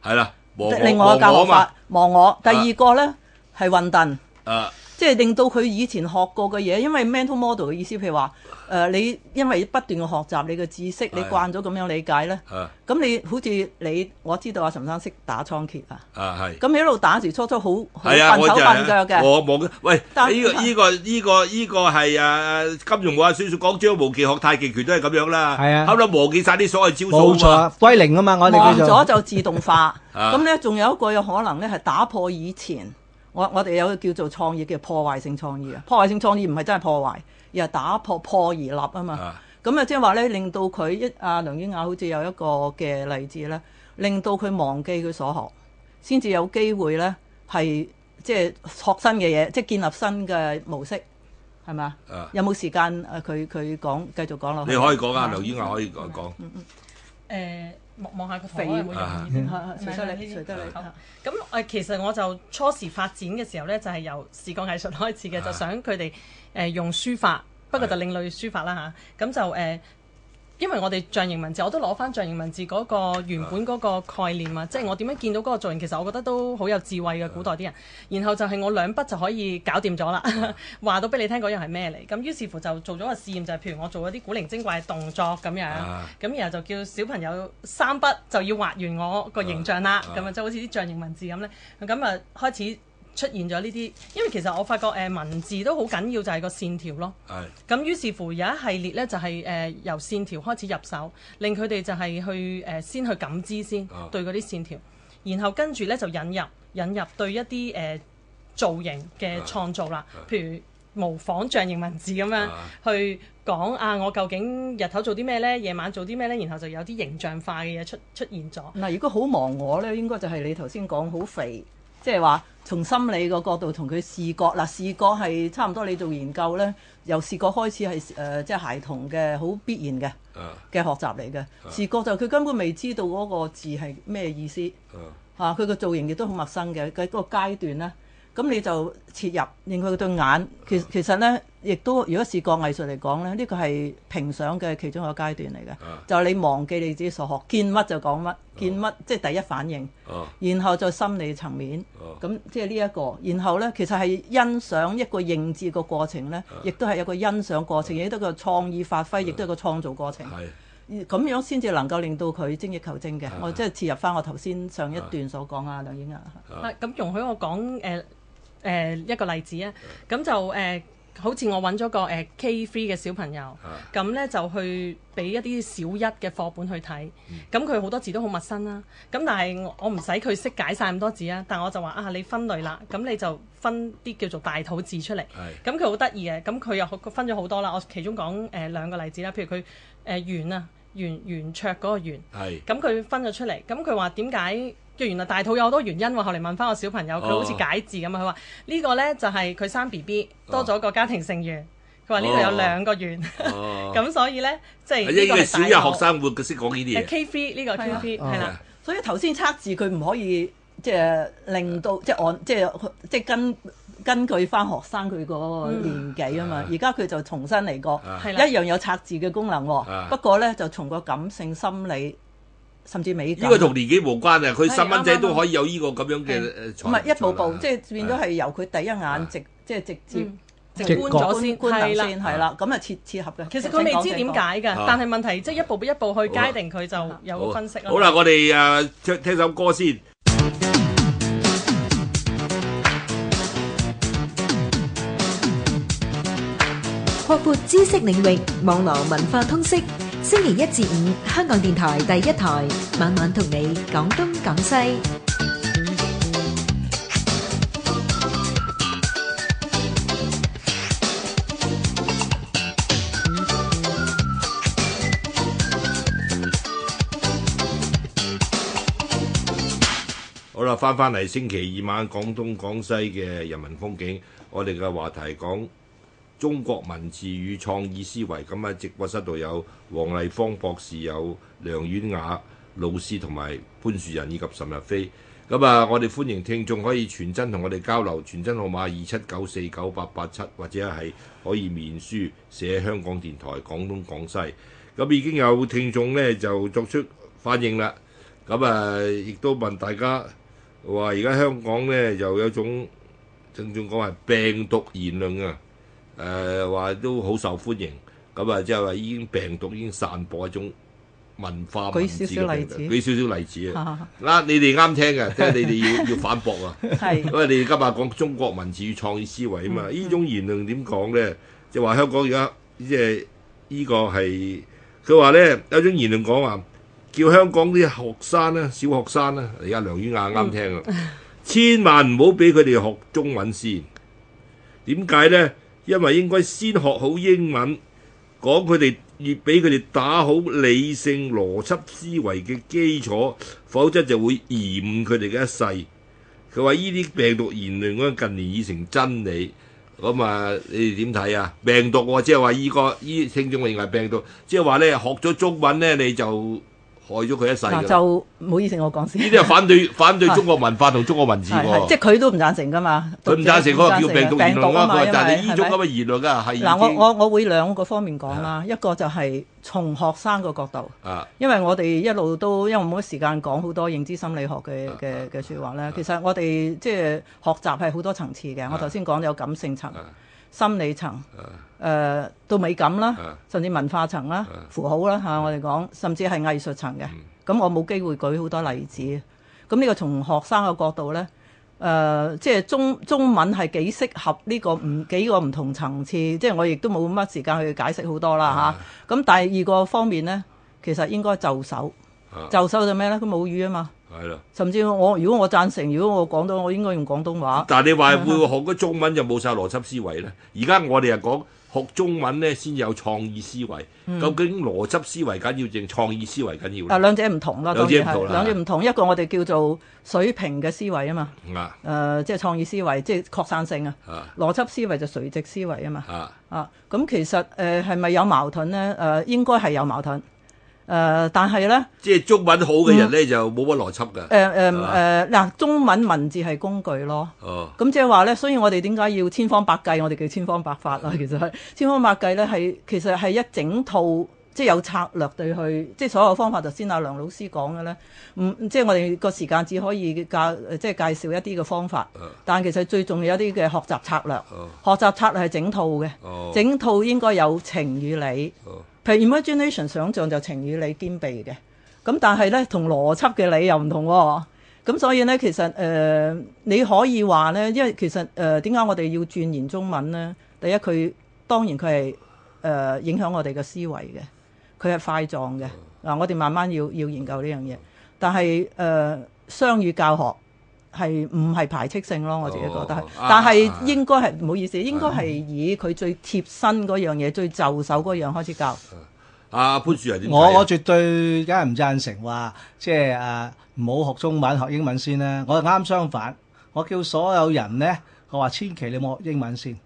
係啦。另外嘅教法，忘我，我。第二個呢，係、啊、混沌。啊即係令到佢以前學過嘅嘢，因為 mental model 嘅意思，譬如話誒，你因為不斷嘅學習，你嘅知識，你慣咗咁樣理解咧，咁、啊、你好似你我知道阿岑生識打倉頡啊，啊係，咁一路打時初，初初好好笨手笨腳嘅、啊，我冇、就、嘅、是，喂，依但、這個依、這個依、這個依、這個係啊金庸嘅小說講張無忌學太極拳都係咁樣啦，係啊，後屘忘記晒啲所有招數啊，歸零啊嘛，我忘咗就自動化，咁咧仲有一個有可能咧係打破以前。我我哋有一個叫做創意嘅破壞性創意啊！破壞性創意唔係真係破壞，而係打破破而立啊嘛！咁啊，即係話咧，令到佢一阿梁婉雅好似有一個嘅例子咧，令到佢忘記佢所學，先至有機會咧係即係學新嘅嘢，即係建立新嘅模式，係嘛？有冇時間啊？佢佢講繼續講落去。你可以講啊，梁婉雅可以講講。嗯，嗯、呃望下個肥飛會容易隨得你，隨得你。咁其實我就初時發展嘅時候咧，就係、是、由視覺藝術開始嘅，啊、就想佢哋、呃、用書法，啊、不過就另類書法啦咁的、啊、就、呃因為我哋象形文字，我都攞翻象形文字嗰個原本嗰個概念啊，即係我點樣見到嗰個造型，其實我覺得都好有智慧嘅、啊、古代啲人。然後就係我兩筆就可以搞掂咗啦，話到俾你聽嗰樣係咩嚟？咁於是乎就做咗個試驗，就係、是、譬如我做一啲古靈精怪嘅動作咁樣，咁、啊、然後就叫小朋友三筆就要畫完我個形象啦，咁啊，啊就好似啲象形文字咁咧，咁啊開始。出現咗呢啲，因為其實我發覺誒、呃、文字都好緊要，就係、是、個線條咯。係的。咁於是乎有一系列呢，就係、是、誒、呃、由線條開始入手，令佢哋就係去誒、呃、先去感知先、啊、對嗰啲線條，然後跟住呢，就引入引入對一啲誒、呃、造型嘅創造啦。的譬如模仿象形文字咁樣的去講啊，我究竟日頭做啲咩呢？夜晚做啲咩呢？然後就有啲形象化嘅嘢出出現咗。嗱，如果好忙我呢應該就係你頭先講好肥。即係話從心理個角度同佢視覺啦、啊，視覺係差唔多。你做研究咧，由視覺開始係誒，即、呃、係、就是、孩童嘅好必然嘅嘅學習嚟嘅。Uh, uh, 視覺就佢根本未知道嗰個字係咩意思嚇，佢個、uh, 啊、造型亦都好陌生嘅。佢嗰個階段咧。咁你就切入，令佢對眼，其其實呢，亦都如果視覺藝術嚟講呢呢個係評賞嘅其中一個階段嚟嘅，就係你忘記你自己所學，見乜就講乜，見乜即係第一反應，然後再心理層面，咁即係呢一個，然後呢，其實係欣賞一個認知個過程呢，亦都係一個欣賞過程，亦都個創意發揮，亦都係個創造過程，咁樣先至能夠令到佢精益求精嘅。我即係切入翻我頭先上一段所講啊，梁英啊，咁容許我講誒、呃、一個例子啊，咁就誒、呃、好似我揾咗個誒、呃、K3 嘅小朋友，咁呢、啊、就去俾一啲小一嘅課本去睇，咁佢好多字都好陌生啦。咁但係我唔使佢識解曬咁多字啊，但係我就話啊，你分類啦，咁你就分啲叫做大土字出嚟。咁佢好得意嘅，咁佢又分咗好多啦。我其中講誒、呃、兩個例子啦，譬如佢誒圓啊，圓圓桌嗰個圓咁佢是分咗出嚟，咁佢話點解？原來大肚有好多原因喎，後嚟問翻個小朋友，佢好似解字咁啊！佢話呢個咧就係佢生 B B 多咗個家庭成員，佢話呢度有兩個圓，咁所以咧即係呢個小一學生會，佢識講呢啲嘢。K3 呢個 K3 係啦，所以頭先測字佢唔可以即係令到即係按即係即係根根據翻學生佢個年紀啊嘛，而家佢就重新嚟過，一樣有測字嘅功能喎，不過咧就從個感性心理。甚至美，呢個同年紀無關啊！佢細蚊仔都可以有呢個咁樣嘅，誒唔係一步步，即係變咗係由佢第一眼直，即係直接直觀咗先，係啦，係啦，咁啊切切合嘅。其實佢未知點解嘅，但係問題即係一步一步去界定佢就有個分析啦。好啦，我哋誒聽聽首歌先。擴闊知識領域，網絡文化通識。星期一至五，香港電台第一台，晚晚同你講東講西。好啦，翻翻嚟星期二晚講東講西嘅人文風景，我哋嘅話題講。中國文字與創意思維，咁喺直播室度有黃麗芳博士、有梁婉雅老師同埋潘樹仁以及岑逸飛。咁啊，我哋歡迎聽眾可以傳真同我哋交流，傳真號碼二七九四九八八七，7，或者係可以面書寫香港電台廣東廣西。咁已經有聽眾咧就作出反應啦。咁啊，亦都問大家話：而家香港咧就有種聽眾講係病毒言論啊！誒話、呃、都好受歡迎，咁啊即係話已經病毒已經散播一種文化文字嘅病毒，舉少少例子，舉少少例子啊！嗱，的你哋啱聽嘅，即係你哋要要反駁啊！的因為你哋今日講中國文字與創意思維啊嘛，呢、嗯、種言論點講咧？就話香港而家即係呢個係佢話咧，有種言論講話，叫香港啲學生咧、小學生咧，而家梁婉雅啱聽啊，嗯、千萬唔好俾佢哋學中文先。點解咧？因為應該先學好英文，講佢哋要俾佢哋打好理性邏輯思維嘅基礎，否則就會延誤佢哋嘅一世。佢話呢啲病毒言論嗰陣近年已成真理，咁啊，你哋點睇啊？病毒、啊、即係話呢個呢聽眾認為病毒，即係話呢學咗中文呢，你就。害咗佢一世。就唔好意思，我講先。呢啲係反對反對中國文化同中國文字即係佢都唔贊成㗎嘛。佢唔贊成，佢話叫病毒。病毒啊嘛，因為係呢種咁嘅言論㗎係。嗱，我我我會兩個方面講啦。一個就係從學生個角度。啊。因為我哋一路都因為冇乜時間講好多認知心理學嘅嘅嘅說話咧。其實我哋即係學習係好多層次嘅。我頭先講有感性層、心理層。誒到、呃、美感啦，甚至文化層啦、的符號啦的我哋講，甚至係藝術層嘅。咁、嗯、我冇機會舉好多例子。咁呢個從學生嘅角度呢，誒、呃、即係中中文係幾適合呢個唔幾個唔同層次。即係我亦都冇乜時間去解釋好多啦嚇。咁的、啊、第二個方面呢，其實應該就手，的就手就咩呢？佢母語啊嘛。係啦的。甚至我如果我贊成，如果我講到我應該用廣東話。但係你話會,會學嗰中文就冇晒邏輯思維呢。而家我哋又講。學中文咧，先至有創意思維。究竟邏輯思維緊要定創意思維緊要啊，兩者唔同咯，啦。兩者唔同，一個我哋叫做水平嘅思維啊嘛。啊。誒，即係創意思維，即係擴散性啊。啊。邏輯思維就垂直思維啊嘛。啊。咁其實誒係咪有矛盾咧？誒，應該係有矛盾。誒、呃，但係咧，即係中文好嘅人咧，嗯、就冇乜邏輯噶。誒誒誒，嗱、呃啊呃，中文文字係工具咯。咁即係話咧，所以我哋點解要千方百計？我哋叫千方百法啦、嗯、其實係千方百計咧，係其實係一整套，即係有策略對去，即係所有方法。就先阿梁老師講嘅咧，唔、嗯、即係我哋個時間只可以教，即係介紹一啲嘅方法。嗯、但係其實最重要一啲嘅學習策略。哦、學習策略係整套嘅。哦、整套應該有情與理。哦譬如 imagination 想象就情與理兼備嘅，咁但係咧同邏輯嘅理又唔同，咁所以咧其實誒、呃、你可以話咧，因為其實誒，點解我哋要鑽研中文咧？第一佢當然佢係誒影響我哋嘅思維嘅，佢係快撞嘅嗱，我哋慢慢要要研究呢樣嘢，但係誒雙語教學。係唔係排斥性咯？我自己覺得，oh，但係應該係唔好意思，應該係以佢最貼身嗰樣嘢、的最就手嗰樣開始教。阿、啊、潘樹仁點？我我絕對梗係唔贊成話，即係啊，唔好學中文學英文先啦。我啱相反，我叫所有人呢，我話千祈你冇學英文先，誒、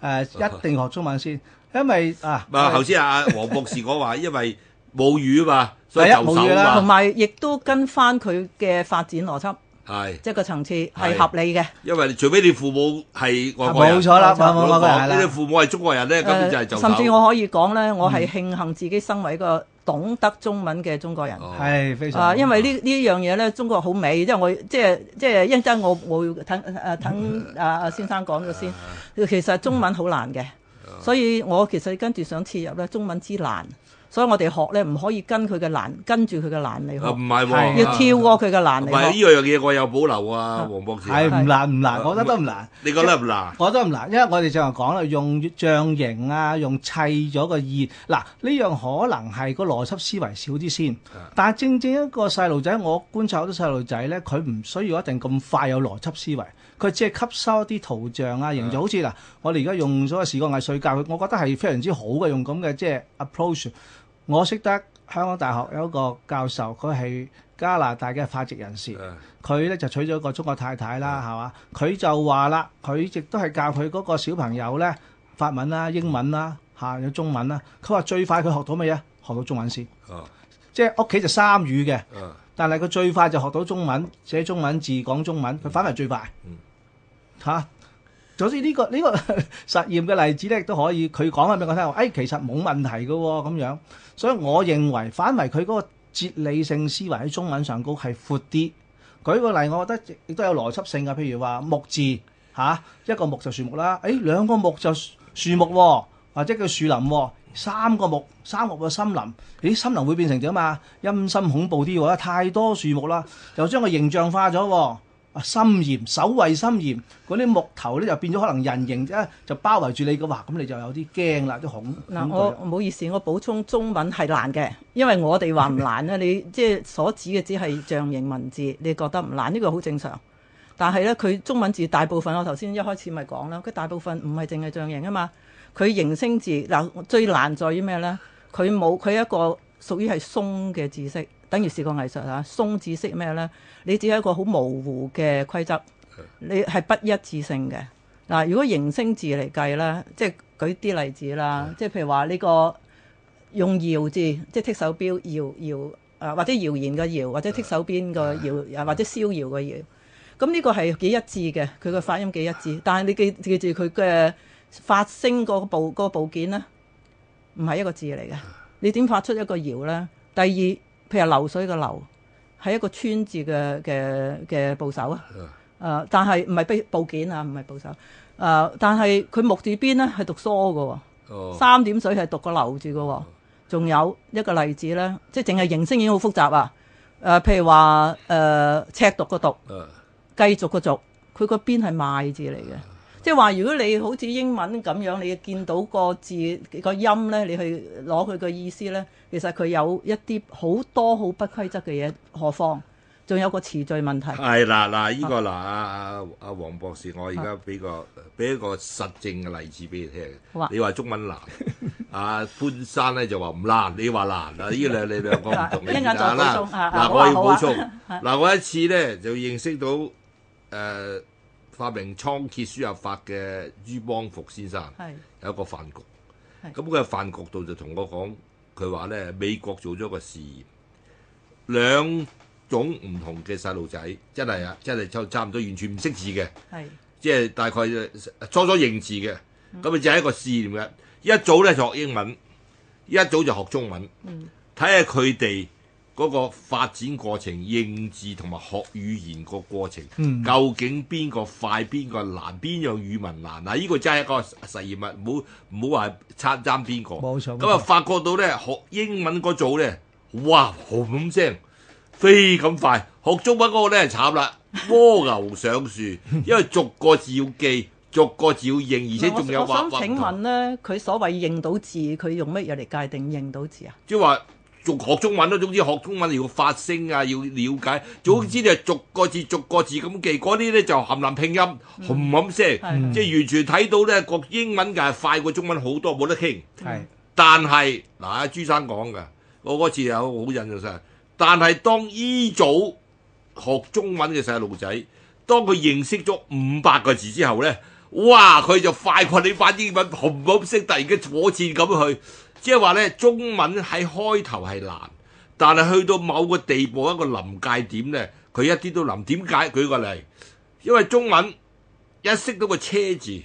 啊、一定要學中文先，因為啊。啊！頭先阿黃博士講話，因為母語啊嘛，所以母語啦。同埋亦都跟翻佢嘅發展邏輯。係，即係個層次係合理嘅。因為除非你父母係外國人，冇錯啦，冇外國人。呢你父母係中國人咧，咁就係就手。甚至我可以講咧，我係慶幸自己身為一個懂得中文嘅中國人，係非常啊！因為呢呢樣嘢咧，中國好美。即係我即係即係，一陣間我會等等阿先生講咗先。其實中文好難嘅，所以我其實跟住想切入咧，中文之難。所以我哋學咧，唔可以跟佢嘅難，跟住佢嘅難嚟，去、啊。唔係、啊、要跳過佢嘅難嚟。係呢樣嘢我有保留啊，黃博士。係唔難唔難，難啊、我覺得都唔難。你覺得唔難？我覺得唔難，因為我哋就係講啦，用象形啊，用砌咗個意。嗱、啊、呢樣可能係個邏輯思維少啲先，但係正正一個細路仔，我觀察好多細路仔咧，佢唔需要一定咁快有邏輯思維，佢只係吸收一啲圖像啊，形狀。好似嗱，我哋而家用所謂視覺藝術教佢，我覺得係非常之好嘅，用咁嘅即係 approach。我識得香港大學有一個教授，佢係加拿大嘅法籍人士，佢咧就娶咗個中國太太啦，係嘛？佢就話啦，佢亦都係教佢嗰個小朋友咧法文啦、啊、英文啦、啊、嚇，有、啊、中文啦、啊。佢話最快佢學到乜嘢？學到中文先，即係屋企就三語嘅，但係佢最快就學到中文，寫中文字，講中文，佢反而最快嚇。啊就好似呢個呢、呢個實驗嘅例子咧，亦都可以佢講翻俾我聽，話、哎、其實冇問題嘅咁樣。所以我認為反為佢嗰個哲理性思維喺中文上高係闊啲。舉個例，我覺得亦都有邏輯性嘅。譬如話木字吓，一個木就樹木啦。誒、哎、兩個木就樹木，或者叫樹林。三個木三木就森林。咦，森林會變成點啊？嘛陰森恐怖啲喎，太多樹木啦，又將個形象化咗。啊！森嚴，守衞森嚴，嗰啲木頭咧就變咗可能人形啫，就包圍住你嘅話，咁你就有啲驚啦，啲恐。嗱，我唔好意思，我補充，中文係難嘅，因為我哋話唔難咧， 你即係所指嘅只係象形文字，你覺得唔難，呢個好正常。但係咧，佢中文字大部分，我頭先一開始咪講啦，佢大部分唔係淨係象形啊嘛，佢形聲字嗱最難在於咩呢？佢冇佢一個屬於係鬆嘅知識。等於是個藝術嚇松字識咩咧？你只係一個好模糊嘅規則，你係不一致性嘅嗱。如果形聲字嚟計咧，即係舉啲例子啦，即係譬如話呢個用搖字，即係剔手錶搖搖啊，或者謠言嘅謠，或者剔手邊個搖啊，或者逍遙嘅遙。咁、這、呢個係幾一致嘅，佢嘅發音幾一致。但係你記記住佢嘅發聲個部個部件咧，唔係一個字嚟嘅。你點發出一個搖咧？第二。譬如流水嘅流，係一個村字嘅嘅嘅部首啊、呃。但係唔係部件啊，唔係部首。呃、但係佢木字邊咧係讀梳嘅喎，oh. 三點水係讀個流住嘅喎、哦。仲有一個例子咧，即淨係形聲已經好複雜啊。譬、呃、如話誒，赤讀嘅讀，繼續嘅續，佢個邊係賣字嚟嘅。即係話，如果你好似英文咁樣，你見到個字個音咧，你去攞佢個意思咧，其實佢有一啲好多好不規則嘅嘢，何況仲有個詞序問題。係嗱嗱呢個嗱阿阿阿黃博士，我而家俾個俾一個實證嘅例子俾你聽。你話中文難，阿潘生咧就話唔難。你話難啊？呢兩你兩講唔同嘅啦。嗱，我要補充，嗱我一次咧就認識到誒。發明倉頡輸入法嘅朱邦福先生，係，有一個飯局，咁佢喺飯局度就同我講，佢話咧美國做咗個試驗，兩種唔同嘅細路仔，真係啊，真係就差唔多完全唔識字嘅，即係係，大概初初認字嘅，咁佢就係一個試驗嘅，一早咧就學英文，一早就學中文，睇下佢哋，看看嗰個發展過程認字同埋學語言個過程，嗯、究竟邊個快邊個難？邊樣語文難？嗱、啊，呢、呢個真係一個實驗物，唔好唔好話差爭邊個。冇錯。咁啊發覺到咧，學英文嗰組咧，哇，好咁聲，飛咁快；學中文嗰個咧係慘啦，蝸牛上樹，因為逐個字要記，逐個字要認，而且仲有話。話請問咧，佢所謂認到字，佢用乜嘢嚟界定認到字啊？即逐學中文都總之學中文要發聲啊，要了解。總之就逐個字、嗯、逐個字咁記，嗰啲咧就含冧拼音，洪冇聲，即係、嗯、完全睇到咧。個英文嘅快過中文好多，冇得傾、嗯嗯。但係嗱，朱生講㗎，我嗰次又好印象深。但係當依、e、組學中文嘅細路仔，當佢認識咗五百個字之後咧，哇！佢就快過你啲英文洪冇聲，突然間火箭咁去。即係話咧，中文喺開頭係難，但係去到某個地步一個臨界點咧，佢一啲都難。點解？舉個例，因為中文一識到個車字，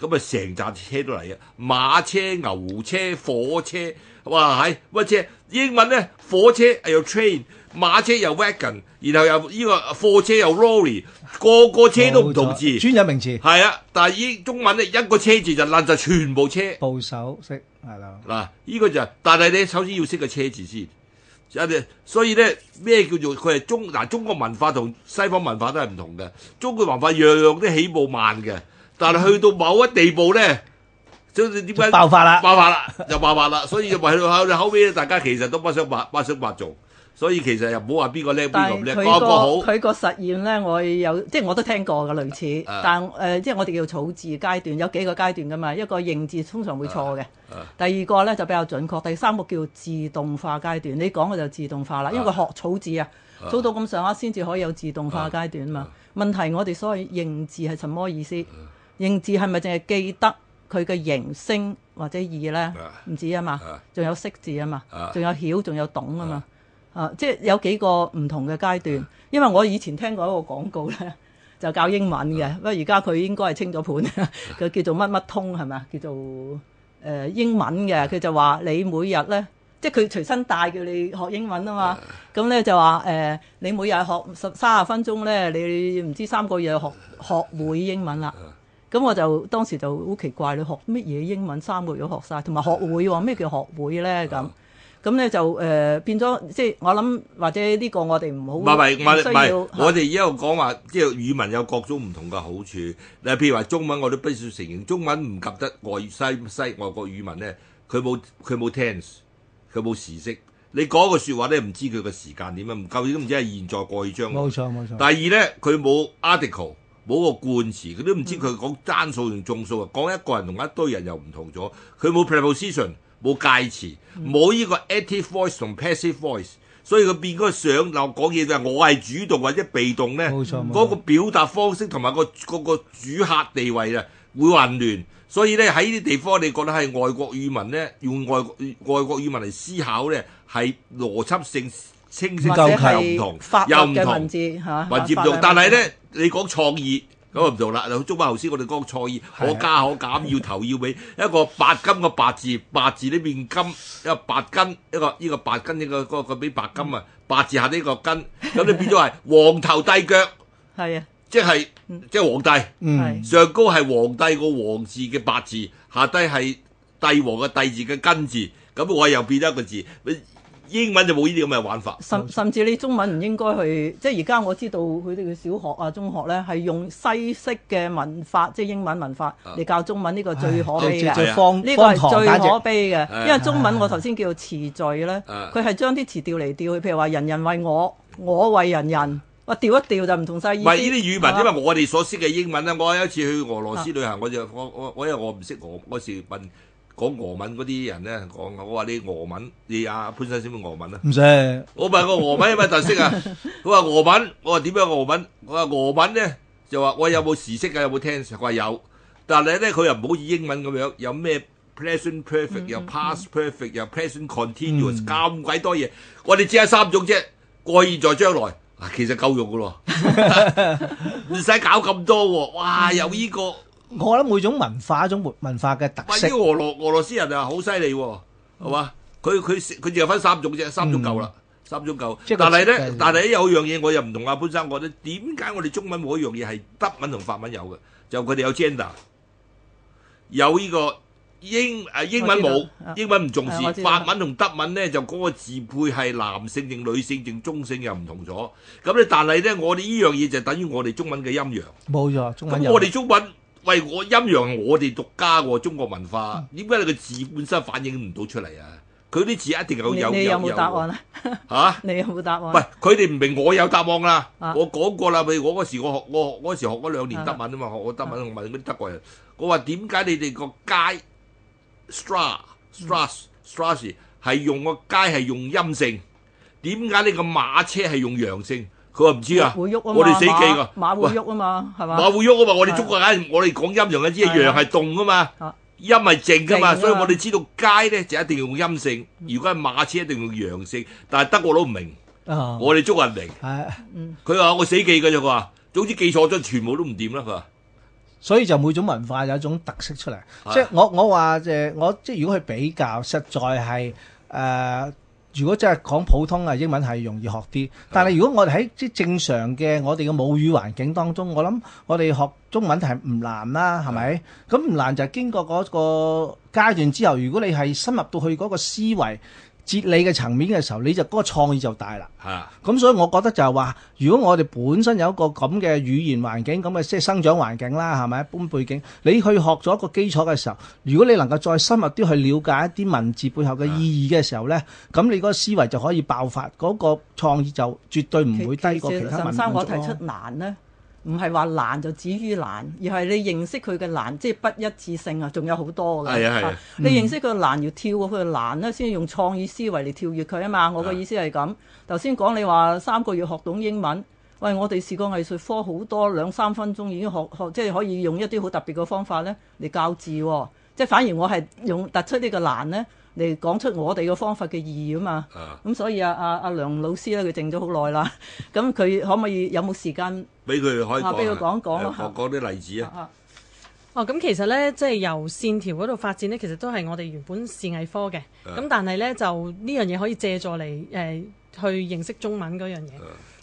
咁啊成紮車都嚟啊，馬車、牛車、火車，係咪？乜車？英文咧，火車係又 train，馬車又 wagon，然後又呢個貨車又 lorry，個個車都唔同字，專有名詞係啊。但係中文咧，一個車字就爛晒全部車，部首識。係啦，嗱，呢個就係，但係呢，首先要識個車字先，所以咧，咩叫做佢係中嗱？中國文化同西方文化都係唔同嘅，中國文化樣樣都起步慢嘅，但係去到某一地步咧，嗯，就點解爆發啦？爆發啦，又爆發啦，所以就到後尾大家其實都不想白不，不想白做。所以其實又冇話邊個叻邊個唔叻，個個好。佢個實驗咧，我有即係我都聽過嘅類似。但誒、啊呃，即係我哋叫草字階段，有幾個階段嘅嘛？一個認字通常會錯嘅。啊啊、第二個咧就比較準確。第三個叫自動化階段，你講嘅就是自動化啦，因為學草字啊，啊草到咁上下先至可以有自動化階段啊嘛。問題我哋所謂認字係什麼意思？認字係咪淨係記得佢嘅形聲或者義咧？唔止啊嘛，仲有識字啊嘛，仲有曉，仲有懂啊嘛。啊啊！即係有幾個唔同嘅階段，因為我以前聽過一個廣告咧，就教英文嘅。不過而家佢應該係清咗盤佢、啊、 叫做乜乜通係咪？叫做誒、呃、英文嘅。佢就話你每日咧，即係佢隨身帶叫你學英文啊嘛。咁咧、啊嗯、就話誒、呃，你每日學十三十分鐘咧，你唔知三個月學學會英文啦。咁我就當時就好奇怪，你學乜嘢英文？三個月都學晒，同埋學會喎？咩叫學會咧？咁？啊啊咁咧就誒、呃、變咗，即係我諗或者呢個我哋唔好，唔係唔係唔係，我哋而家講話即係、就是、語文有各種唔同嘅好處。你譬如話中文，我都必須承認，中文唔及得外西西，西外國語文咧。佢冇佢冇 tense，佢冇時式。你講一個説話咧，唔知佢嘅時間點樣，唔夠都唔知係現在過去將來。冇錯冇錯。錯第二咧，佢冇 article，冇個冠詞，佢都唔知佢講單數同眾數啊。講、嗯、一個人同一堆人又唔同咗，佢冇 preposition。冇介詞，冇呢個 active voice 同 passive voice，所以佢變嗰個上樓講嘢就係我係主動或者被動咧。冇錯，嗰個表達方式同埋個嗰個主客地位啊，會混亂。所以咧喺呢啲地方，你覺得係外國語文咧，用外外國語文嚟思考咧，係邏輯性清晰又唔同，又唔同，或接用。但係咧，你講創意。咁啊唔做啦！中班頭先我哋講錯意，啊、可加可減，啊、要頭要尾，啊、一個白金嘅白字，白字呢邊金一個白金，一個呢個白金呢個嗰個俾白金啊！八字下底個根，咁你、嗯、變咗係皇頭帝腳，係啊，即係即係皇帝，嗯、上高係皇帝個皇字嘅白字，下低係帝王嘅帝字嘅根字，咁我又變咗一個字。英文就冇呢啲咁嘅玩法，甚甚至你中文唔應該去，即係而家我知道佢哋嘅小學啊、中學咧係用西式嘅文法，即係英文文法嚟教中文，呢個最可悲嘅，呢個係最可悲嘅，因為中文我頭先叫詞序咧，佢係將啲詞調嚟調去，譬如話人人為我，我為人人，我調一調就唔同晒意思。唔係呢啲語文，吧因為我哋所識嘅英文咧，我有一次去俄羅斯旅行，唉我就我我我因為我唔識俄，我時問。講俄文嗰啲人咧講，我話你俄文，你阿、啊、潘生識唔識俄文啊？唔識用，我問個俄文有乜特色啊？佢話 俄文，我話點樣俄文？我話俄文咧就話我有冇時式㗎？有冇聽過有？但係咧佢又唔好似英文咁樣，有咩 present perfect 又 past perfect 又 present continuous 咁鬼多嘢？嗯、我哋只係三種啫，過去現在將來、啊，其實夠用㗎咯，唔使 搞咁多喎、啊。哇！有呢、這個。我諗每種文化一種文化嘅特色。啲俄羅俄羅斯人啊，好犀利，係嘛？佢佢佢就分三種啫，三種夠啦，三種夠。但係咧，但係咧有樣嘢，我又唔同阿潘生我覺得。點解我哋中文冇一樣嘢係德文同法文有嘅？就佢哋有 gender，有呢個英誒英文冇，英文唔重視。法文同德文咧就嗰個字配係男性定女性定中性又唔同咗。咁咧，但係咧，我哋呢樣嘢就等於我哋中文嘅陰陽。冇錯，中文，咁我哋中文。喂，我陰陽係我哋獨家喎，中國文化點解你個字本身反映唔到出嚟啊？佢啲字一定有有有，你，你有冇答案啊？啊？你有冇答案？唔係，佢哋唔明我有答案啦。我講過啦，譬如我嗰時我學我嗰時學嗰兩年德文啫嘛，的學我德文，我問嗰啲德國人，我話點解你哋個街 strasse strasse 係用個街係用陰性，點解你個馬車係用陽性？佢話唔知啊，我哋死記㗎馬會喐啊嘛，係嘛馬會喐啊嘛，我哋中國人，我哋講陰陽嘅，知係陽係動噶嘛，陰係靜噶嘛，所以我哋知道街咧就一定要用陰性，如果係馬車一定用陽性，但係德國佬唔明，我哋中國人明。佢話我死記㗎咋佢話，總之記錯咗，全部都唔掂啦佢話。所以就每種文化有一種特色出嚟，即係我我話就係，我即係如果去比較，實在係誒。如果真係講普通啊，英文係容易學啲。但係如果我哋喺正常嘅我哋嘅母語環境當中，我諗我哋學中文係唔難啦、啊，係咪？咁唔是難就係經過嗰個階段之後，如果你係深入到去嗰個思維，哲理嘅層面嘅時候，你就嗰個創意就大啦。啊，咁所以我覺得就係話，如果我哋本身有一個咁嘅語言環境，咁嘅即係生長環境啦，係咪一般背景？你去學咗一個基礎嘅時候，如果你能夠再深入啲去了解一啲文字背後嘅意義嘅時候咧，咁你嗰個思維就可以爆發，嗰、嗰個創意就絕對唔會低過其他文化咗、啊。我提出難呢。唔係話難就止於難，而係你認識佢嘅難，即係不一致性啊，仲有好多㗎。係啊係，你認識佢嘅難，嗯、要跳過佢嘅難咧，先用創意思維嚟跳越佢啊嘛。我嘅意思係咁頭先講你話三個月學懂英文，喂，我哋試過藝術科好多兩三分鐘已經學學，即係可以用一啲好特別嘅方法咧嚟教字喎、哦。即係反而我係用突出呢個難咧嚟講出我哋嘅方法嘅意義啊嘛。啊，咁所以啊，阿、啊、阿梁老師咧，佢靜咗好耐啦。咁 佢可唔可以有冇時間？俾佢哋可以講，我、啊、講啲、啊啊、例子啊！哦、啊，咁、啊、其實咧，即、就、係、是、由線條嗰度發展咧，其實都係我哋原本視藝科嘅。咁的但係咧，就呢樣嘢可以借助嚟誒、呃、去認識中文嗰樣嘢。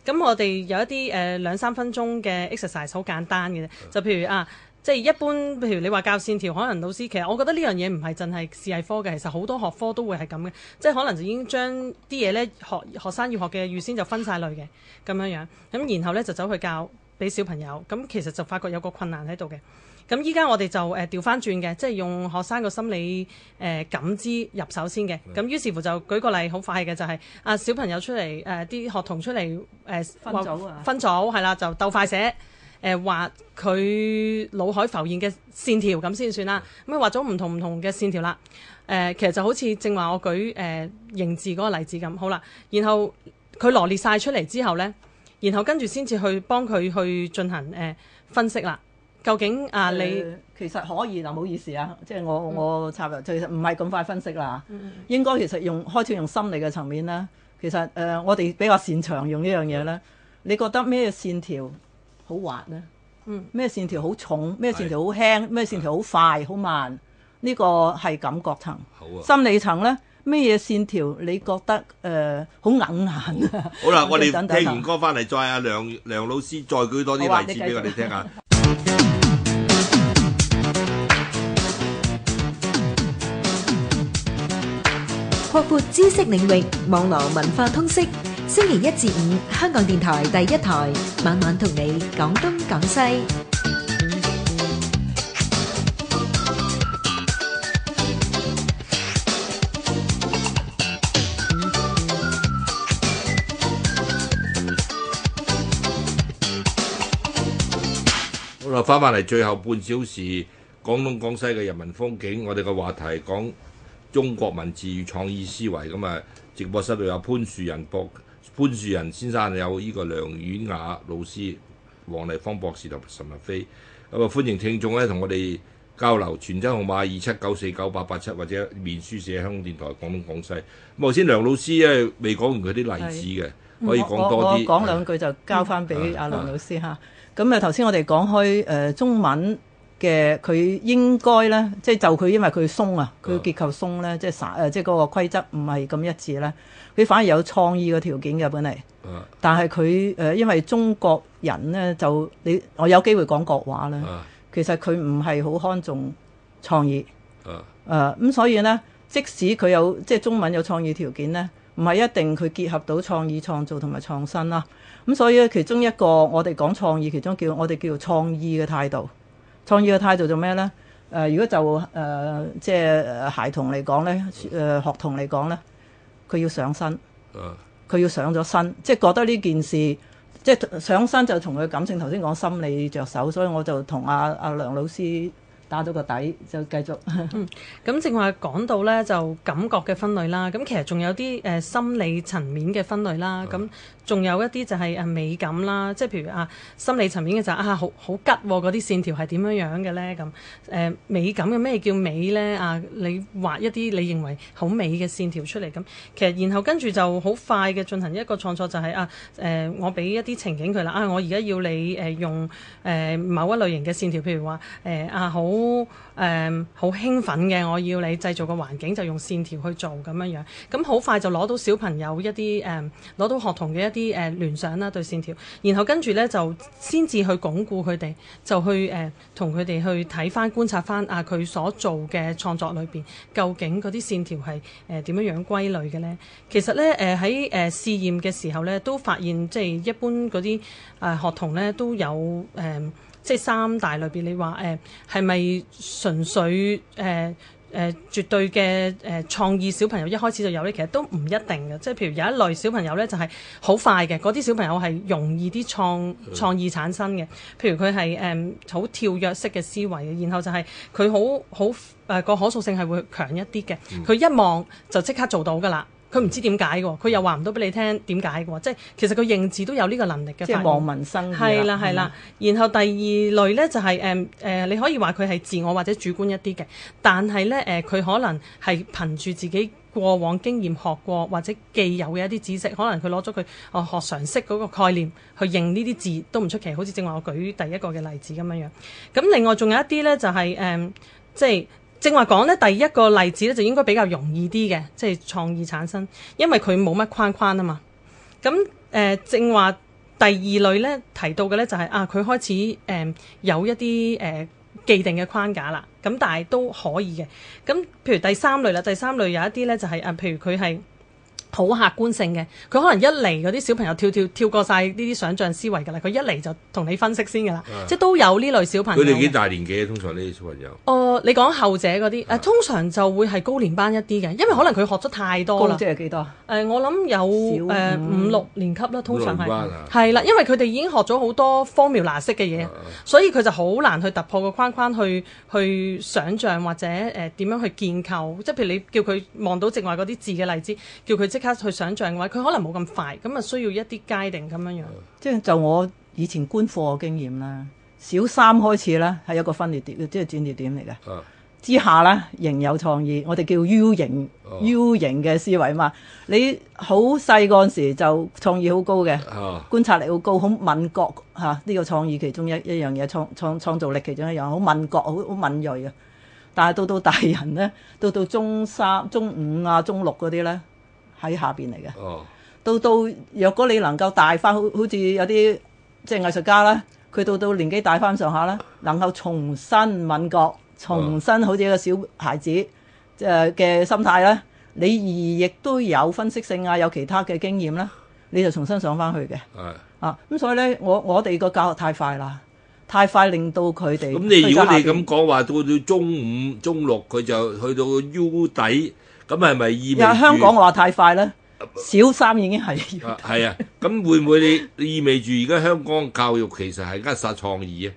咁的我哋有一啲誒、呃、兩三分鐘嘅 exercise 好簡單嘅啫，的就譬如啊。即係一般，譬如你話教線條，可能老師其實我覺得呢樣嘢唔係淨係視藝科嘅，其實好多學科都會係咁嘅。即係可能就已經將啲嘢呢，學學生要學嘅預先就分晒類嘅咁樣樣，咁然後呢，就走去教俾小朋友。咁其實就發覺有個困難喺度嘅。咁依家我哋就誒調翻轉嘅，即係用學生個心理誒、呃、感知入手先嘅。咁於是乎就舉個例好快嘅就係、是、啊小朋友出嚟誒啲學童出嚟誒、呃、分組、啊、分組係啦，就鬥快寫。誒、呃、畫佢腦海浮現嘅線條咁先算啦。咁、嗯、啊畫咗唔同唔同嘅線條啦。誒、呃、其實就好似正話我舉誒認字嗰個例子咁，好啦。然後佢羅列晒出嚟之後咧，然後跟住先至去幫佢去進行誒、呃、分析啦。究竟啊，你、呃、其實可以啊，唔好意思啊，即係我我插入，嗯、其實唔係咁快分析啦。嗯嗯應該其實用開始用心理嘅層面啦。其實誒、呃、我哋比較擅長用這呢樣嘢咧。嗯、你覺得咩線條？好滑咧，咩線條好重，咩線條好輕，咩線條好快、好慢，呢個係感覺層。好啊。心理層咧，咩嘢線條你覺得誒好硬硬啊？好啦，我哋聽完歌翻嚟，再阿梁梁老師再舉多啲例子俾我哋聽下。擴闊知識領域，網絡文化通識。星期一至五，香港電台第一台晚晚同你講東講西。好啦，翻返嚟最後半小時，廣東廣西嘅人民風景。我哋嘅話題講中國文字與創意思維咁啊！直播室度有潘樹仁博。潘樹仁先生有呢個梁婉雅老師、黃麗芳博士同岑逸飛，咁啊歡迎聽眾咧同我哋交流，傳真號碼二七九四九八八七或者面書社、香港電台廣東廣西。咁頭先梁老師咧未講完佢啲例子嘅，是可以講多啲。我講兩句就交翻俾阿梁老師嚇。咁、嗯、啊頭先、啊、我哋講開誒、呃、中文。嘅佢應該咧、就是 uh, 啊，即係就佢因為佢鬆啊，佢結構鬆咧，即係散即係嗰個規則唔係咁一致咧。佢反而有創意嘅條件嘅本嚟，uh, 但係佢、呃、因為中國人咧就你我有機會講國話呢，uh, 其實佢唔係好看重創意咁，uh, 啊嗯、所以咧，即使佢有即係中文有創意條件咧，唔係一定佢結合到創意創造同埋創新啦。咁、嗯、所以咧，其中一個我哋講創意，其中叫我哋叫創意嘅態度。創意嘅態度做咩咧？誒、呃，如果就誒、呃，即係孩童嚟講咧，誒、呃、學童嚟講咧，佢要上身，佢要上咗身，即係覺得呢件事，即係上身就同佢感性，頭先講心理着手，所以我就同阿阿梁老師。打咗個底就繼續，咁正話講到咧，就感覺嘅分類啦。咁其實仲有啲誒、呃、心理層面嘅分類啦。咁仲、嗯、有一啲就係、是、誒美感啦，即係譬如啊心理層面嘅就是、啊好好吉嗰啲線條係點樣樣嘅咧咁。誒、呃、美感嘅咩叫美咧？啊，你畫一啲你認為好美嘅線條出嚟咁，其實然後跟住就好快嘅進行一個創作、就是，就係啊誒、呃、我俾一啲情景佢啦。啊，我而家要你誒、呃、用誒、呃、某一類型嘅線條譬如話誒、呃、啊好。好誒，好、嗯、興奮嘅！我要你製造個環境，就用線條去做咁樣樣，咁好快就攞到小朋友一啲誒，攞、嗯、到學童嘅一啲誒聯想啦對線條，然後跟住咧就先至去鞏固佢哋，就去誒同佢哋去睇返觀察返啊佢所做嘅創作裏邊，究竟嗰啲線條係誒點樣樣歸類嘅咧？其實咧誒喺誒試驗嘅時候咧，都發現即係、就是、一般嗰啲誒學童咧都有誒。嗯即係三大類別，你話誒係咪純粹誒誒、呃呃、絕對嘅，誒、呃、創意小朋友一開始就有呢，其實都唔一定嘅。即係譬如有一類小朋友咧，就係、是、好快嘅，嗰啲小朋友係容易啲創創意產生嘅。譬如佢係誒好跳躍式嘅思維嘅，然後就係佢好好誒個可塑性係會強一啲嘅，佢一望就即刻做到噶啦。佢唔知點解喎，佢又話唔到俾你聽點解嘅喎，即係其實佢認字都有呢個能力嘅。即係黃文生。係啦係啦，嗯、然後第二類咧就係、誒、誒、嗯呃、你可以話佢係自我或者主觀一啲嘅，但係咧誒，佢、呃、可能係憑住自己過往經驗學過或者既有嘅一啲知識，可能佢攞咗佢哦學常識嗰個概念去認呢啲字都唔出奇，好似正話我舉第一個嘅例子咁樣樣。咁另外仲有一啲咧就係、誒、誒、嗯，即係。正話講咧，第一個例子咧就應該比較容易啲嘅，即係創意產生，因為佢冇乜框框啊嘛。咁誒，正話第二類咧提到嘅咧就係啊，佢開始誒有一啲誒既定嘅框架啦。咁但係都可以嘅。咁譬如第三類啦，第三類有一啲咧就係啊，譬如佢係。好客觀性嘅，佢可能一嚟嗰啲小朋友跳跳跳過晒呢啲想像思維㗎啦，佢一嚟就同你分析先㗎啦，啊、即係都有呢類小朋友。佢哋幾大年紀？通常呢啲小朋友？哦，你講後者嗰啲，誒、啊啊、通常就會係高年班一啲嘅，因為可能佢學得太多啦。即係幾多？誒、呃，我諗有誒五六年級啦，通常係係啦，因為佢哋已經學咗好多 formula 式嘅嘢，啊、所以佢就好難去突破個框框去去想像或者誒點、呃、樣去建構，即係譬如你叫佢望到之外嗰啲字嘅例子，叫佢，即刻去想象嘅話，佢可能冇咁快，咁啊需要一啲界定咁樣樣。嗯、即係就我以前觀課嘅經驗咧，小三開始咧係一個分裂點，即係轉折點嚟嘅、啊、之下咧，仍有創意。我哋叫 U 型、哦、U 型嘅思維啊嘛。你好細嗰陣時候就創意好高嘅、哦、觀察力好高，好敏覺吓呢個創意其中一一樣嘢創創創造力其中一樣好敏覺好敏銳啊。但係到到大人咧，到到中三、中五啊、中六嗰啲咧。喺下邊嚟嘅，到到若果你能夠大翻，好好似有啲即係藝術家啦，佢到到年紀大翻上下啦，能夠重新敏覺，重新好似一個小孩子即係嘅心態咧，你而亦都有分析性啊，有其他嘅經驗啦，你就重新上翻去嘅。係是的 啊，咁所以咧，我我哋個教學太快啦，太快令到佢哋咁。你如果你咁講話，到到中五、中六，佢就去到 U 底。咁係咪意味香港話太快呢？啊、小三已經係係啊，咁、啊、會唔會你意味住而家香港教育其實係扼殺創意啊？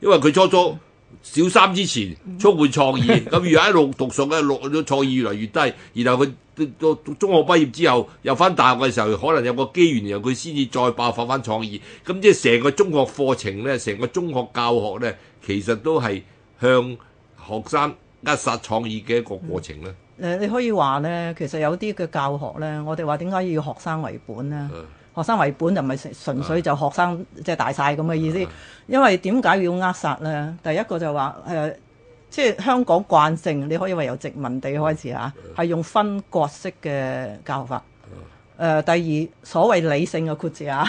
因為佢初初 小三之前充滿創意，咁如果一路讀書咧，落咗 創意越嚟越低，然後佢到中學畢業之後又翻大學嘅時候，可能有個機緣，然後佢先至再爆發翻創意。咁即係成個中學課程呢，成個中學教學呢，其實都係向學生扼殺創意嘅一個過程呢。 誒、你可以話咧，其實有啲嘅教學咧，我哋話點解要學生為本咧？啊、學生為本就唔係純粹就學生即係、啊、大晒咁嘅意思。啊、因為點解要扼殺咧？第一個就話誒、即係香港慣性，你可以話由殖民地開始嚇，係、啊、用分角色嘅教學法。啊呃、第二所謂理性嘅括字啊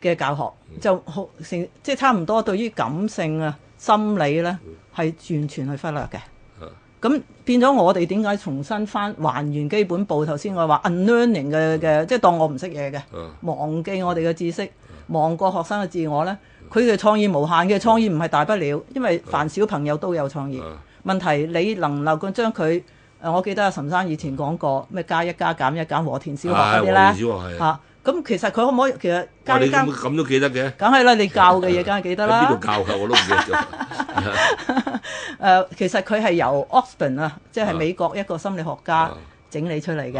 嘅、嗯、教學就好，即係、嗯、差唔多對於感性啊、心理咧係完全去忽略嘅。咁變咗我哋點解重新翻還原基本步？頭先我話 unlearning 嘅嘅，即係、嗯、當我唔識嘢嘅，啊、忘記我哋嘅知識，啊、忘過學生嘅自我呢。佢嘅、啊、創意無限嘅創意唔係大不了，因為凡小朋友都有創意。啊啊、問題你能唔能夠將佢？我記得阿岑生以前講過咩加一加減一減和田小學嗰啲啦。哎咁其實佢可唔可以其實加一加咁都記得嘅，梗係啦，你教嘅嘢梗係記得啦。呢度教嘅我都唔記得咗。誒，其實佢係由 Austin 啊，即係美國一個心理學家整理出嚟嘅。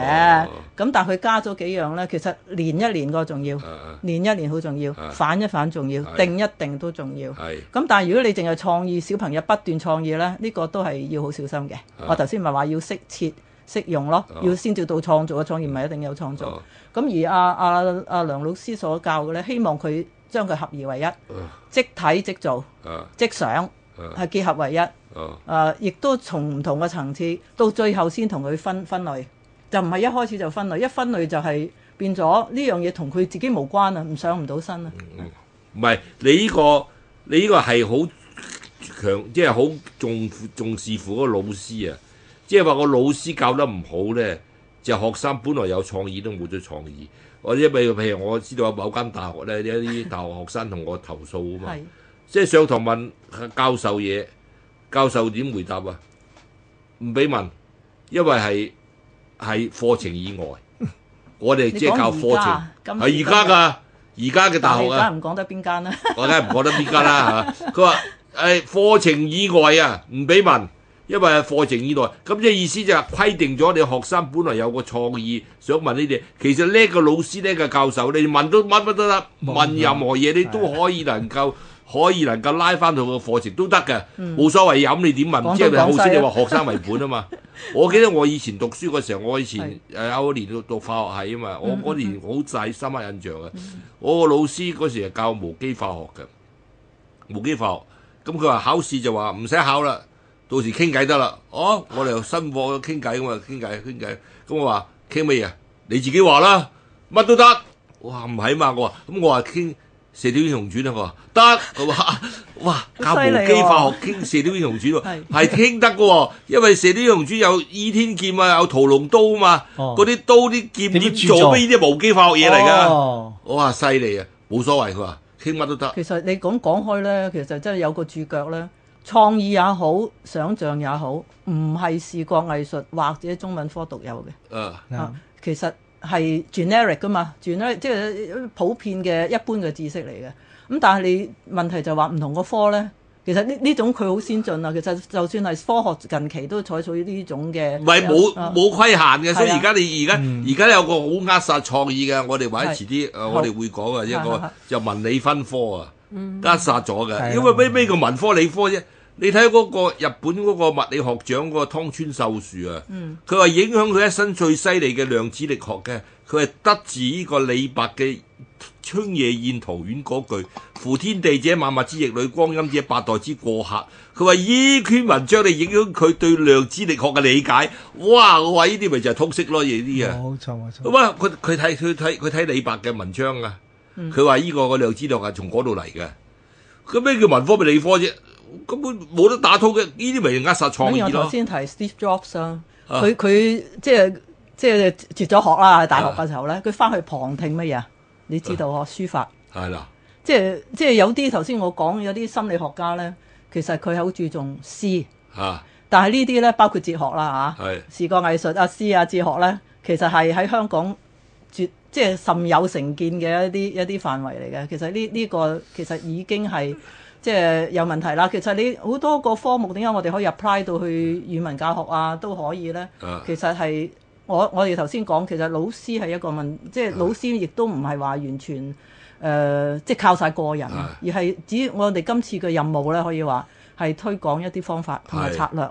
咁但係佢加咗幾樣咧，其實練一練個重要，練一練好重要，反一反重要，定一定都重要。係。咁但係如果你淨係創意，小朋友不斷創意咧，呢個都係要好小心嘅。我頭先咪話要識切。適用咯，要先至到創造嘅創業唔係一定有創造。咁、嗯、而阿阿阿梁老師所教嘅咧，希望佢將佢合而為一，嗯、即睇即做，嗯、即想係、嗯、結合為一。誒、嗯，亦、啊、都從唔同嘅層次到最後先同佢分分類，就唔係一開始就分類。一分類就係變咗呢樣嘢同佢自己無關啊，唔上唔到身啊。唔係、嗯嗯、你呢、這個你呢個係好強，即係好重重視乎嗰個老師啊。即係話個老師教得唔好咧，就係學生本來有創意都冇咗創意。我因為譬如我知道有某間大學咧，啲啲大學學生同我投訴啊嘛。即係 是的 上堂問教授嘢，教授點回答啊？唔俾問，因為係係課程以外， 我哋即係教課程。係而家噶，而家嘅大學啊。唔講得邊間咧？ 我梗係唔講得邊間啦嚇。佢話誒，課程以外啊，唔俾問。因為課程以內，咁即係意思就係規定咗你學生本來有個創意想問你哋，其實呢個老師呢，這個教授，你問都乜乜都得啦，問，問任何嘢你都可以能夠，的可以能夠拉翻到個課程都得嘅，冇、嗯、所謂，任、嗯、你點問，即係好似你話學生為本啊嘛。 我記得我以前讀書嗰時候，我以前有一年讀化學系啊嘛，的我嗰年好細，深刻印象嘅，嗯嗯、我個老師嗰時係教無機化學嘅，無機化學，咁佢話考試就話唔使考啦。到時傾偈得啦，哦，我哋又新貨傾偈咁啊，傾偈傾偈。咁我話傾乜嘢啊？你自己話啦，乜都得。我話唔係啊嘛，我話咁我話傾射雕英雄傳啊，我話得。哇哇，教無機化學傾射雕英雄傳喎，係傾得嘅喎，因為射雕英雄傳有倚天劍啊，有屠龍刀啊嘛，嗰啲刀啲劍點做咩？呢啲無機化學嘢嚟㗎。我話犀利啊，冇所謂，佢話傾乜都得。其實你講講開咧，其實真係有個主角咧。創意也好，想像也好，唔係視覺藝術或者中文科獨有嘅。誒、uh，啊，其實係 generic 噶嘛，generic、uh，即係普遍嘅一般嘅知識嚟嘅。咁但係你問題就話唔同個科咧，其實呢呢種佢好先進啊。其實就算係科學近期都採取呢種嘅，唔係冇冇規限嘅。Uh，所以而家你而家而家有個好扼殺創意嘅。我哋話啲遲啲，我哋會講嘅一個就文理分科啊。得煞咗嘅，因為咩咩個文科理科啫？你睇嗰個日本嗰個物理學長嗰個湯川秀樹啊，佢話影響佢一生最犀利嘅量子力學嘅，佢係得自呢個李白嘅春夜宴桃園嗰句，夫天地者萬物之逆旅，光陰者百代之過客。佢話呢篇文章你影響佢對量子力學嘅理解，哇！我話呢啲咪就係通識咯，呢啲啊，哇！佢佢睇佢睇佢睇李白嘅文章啊！佢話呢個兩個資料係從嗰度嚟嘅，咁咩叫文科咪理科啫？根本冇得打通嘅，呢啲咪人壓殺創意咯。嗯、我頭先提 Steve Jobs 啦、啊，佢佢、啊、即係即係輟咗學啦，喺大學嘅時候咧，佢返、啊、去旁聽乜嘢？你知道嗬，啊、書法。係啦、啊。即係即係有啲頭先我講有啲心理學家咧，其實佢係好注重詩。嚇、啊！但係呢啲咧包括哲學啦、啊、嚇，視覺藝術啊詩啊哲學咧、啊啊，其實係喺香港。絕即係甚有成見嘅一啲一啲範圍嚟嘅，其實呢呢、這個其實已經係即係有問題啦。其實你好多個科目點解我哋可以 apply 到去語文教學啊都可以咧？其實係我我哋頭先講，其實老師係一個問，即係老師亦都唔係話完全誒、呃，即係靠晒個人，而係指我哋今次嘅任務咧，可以話係推廣一啲方法同埋策略，係、誒、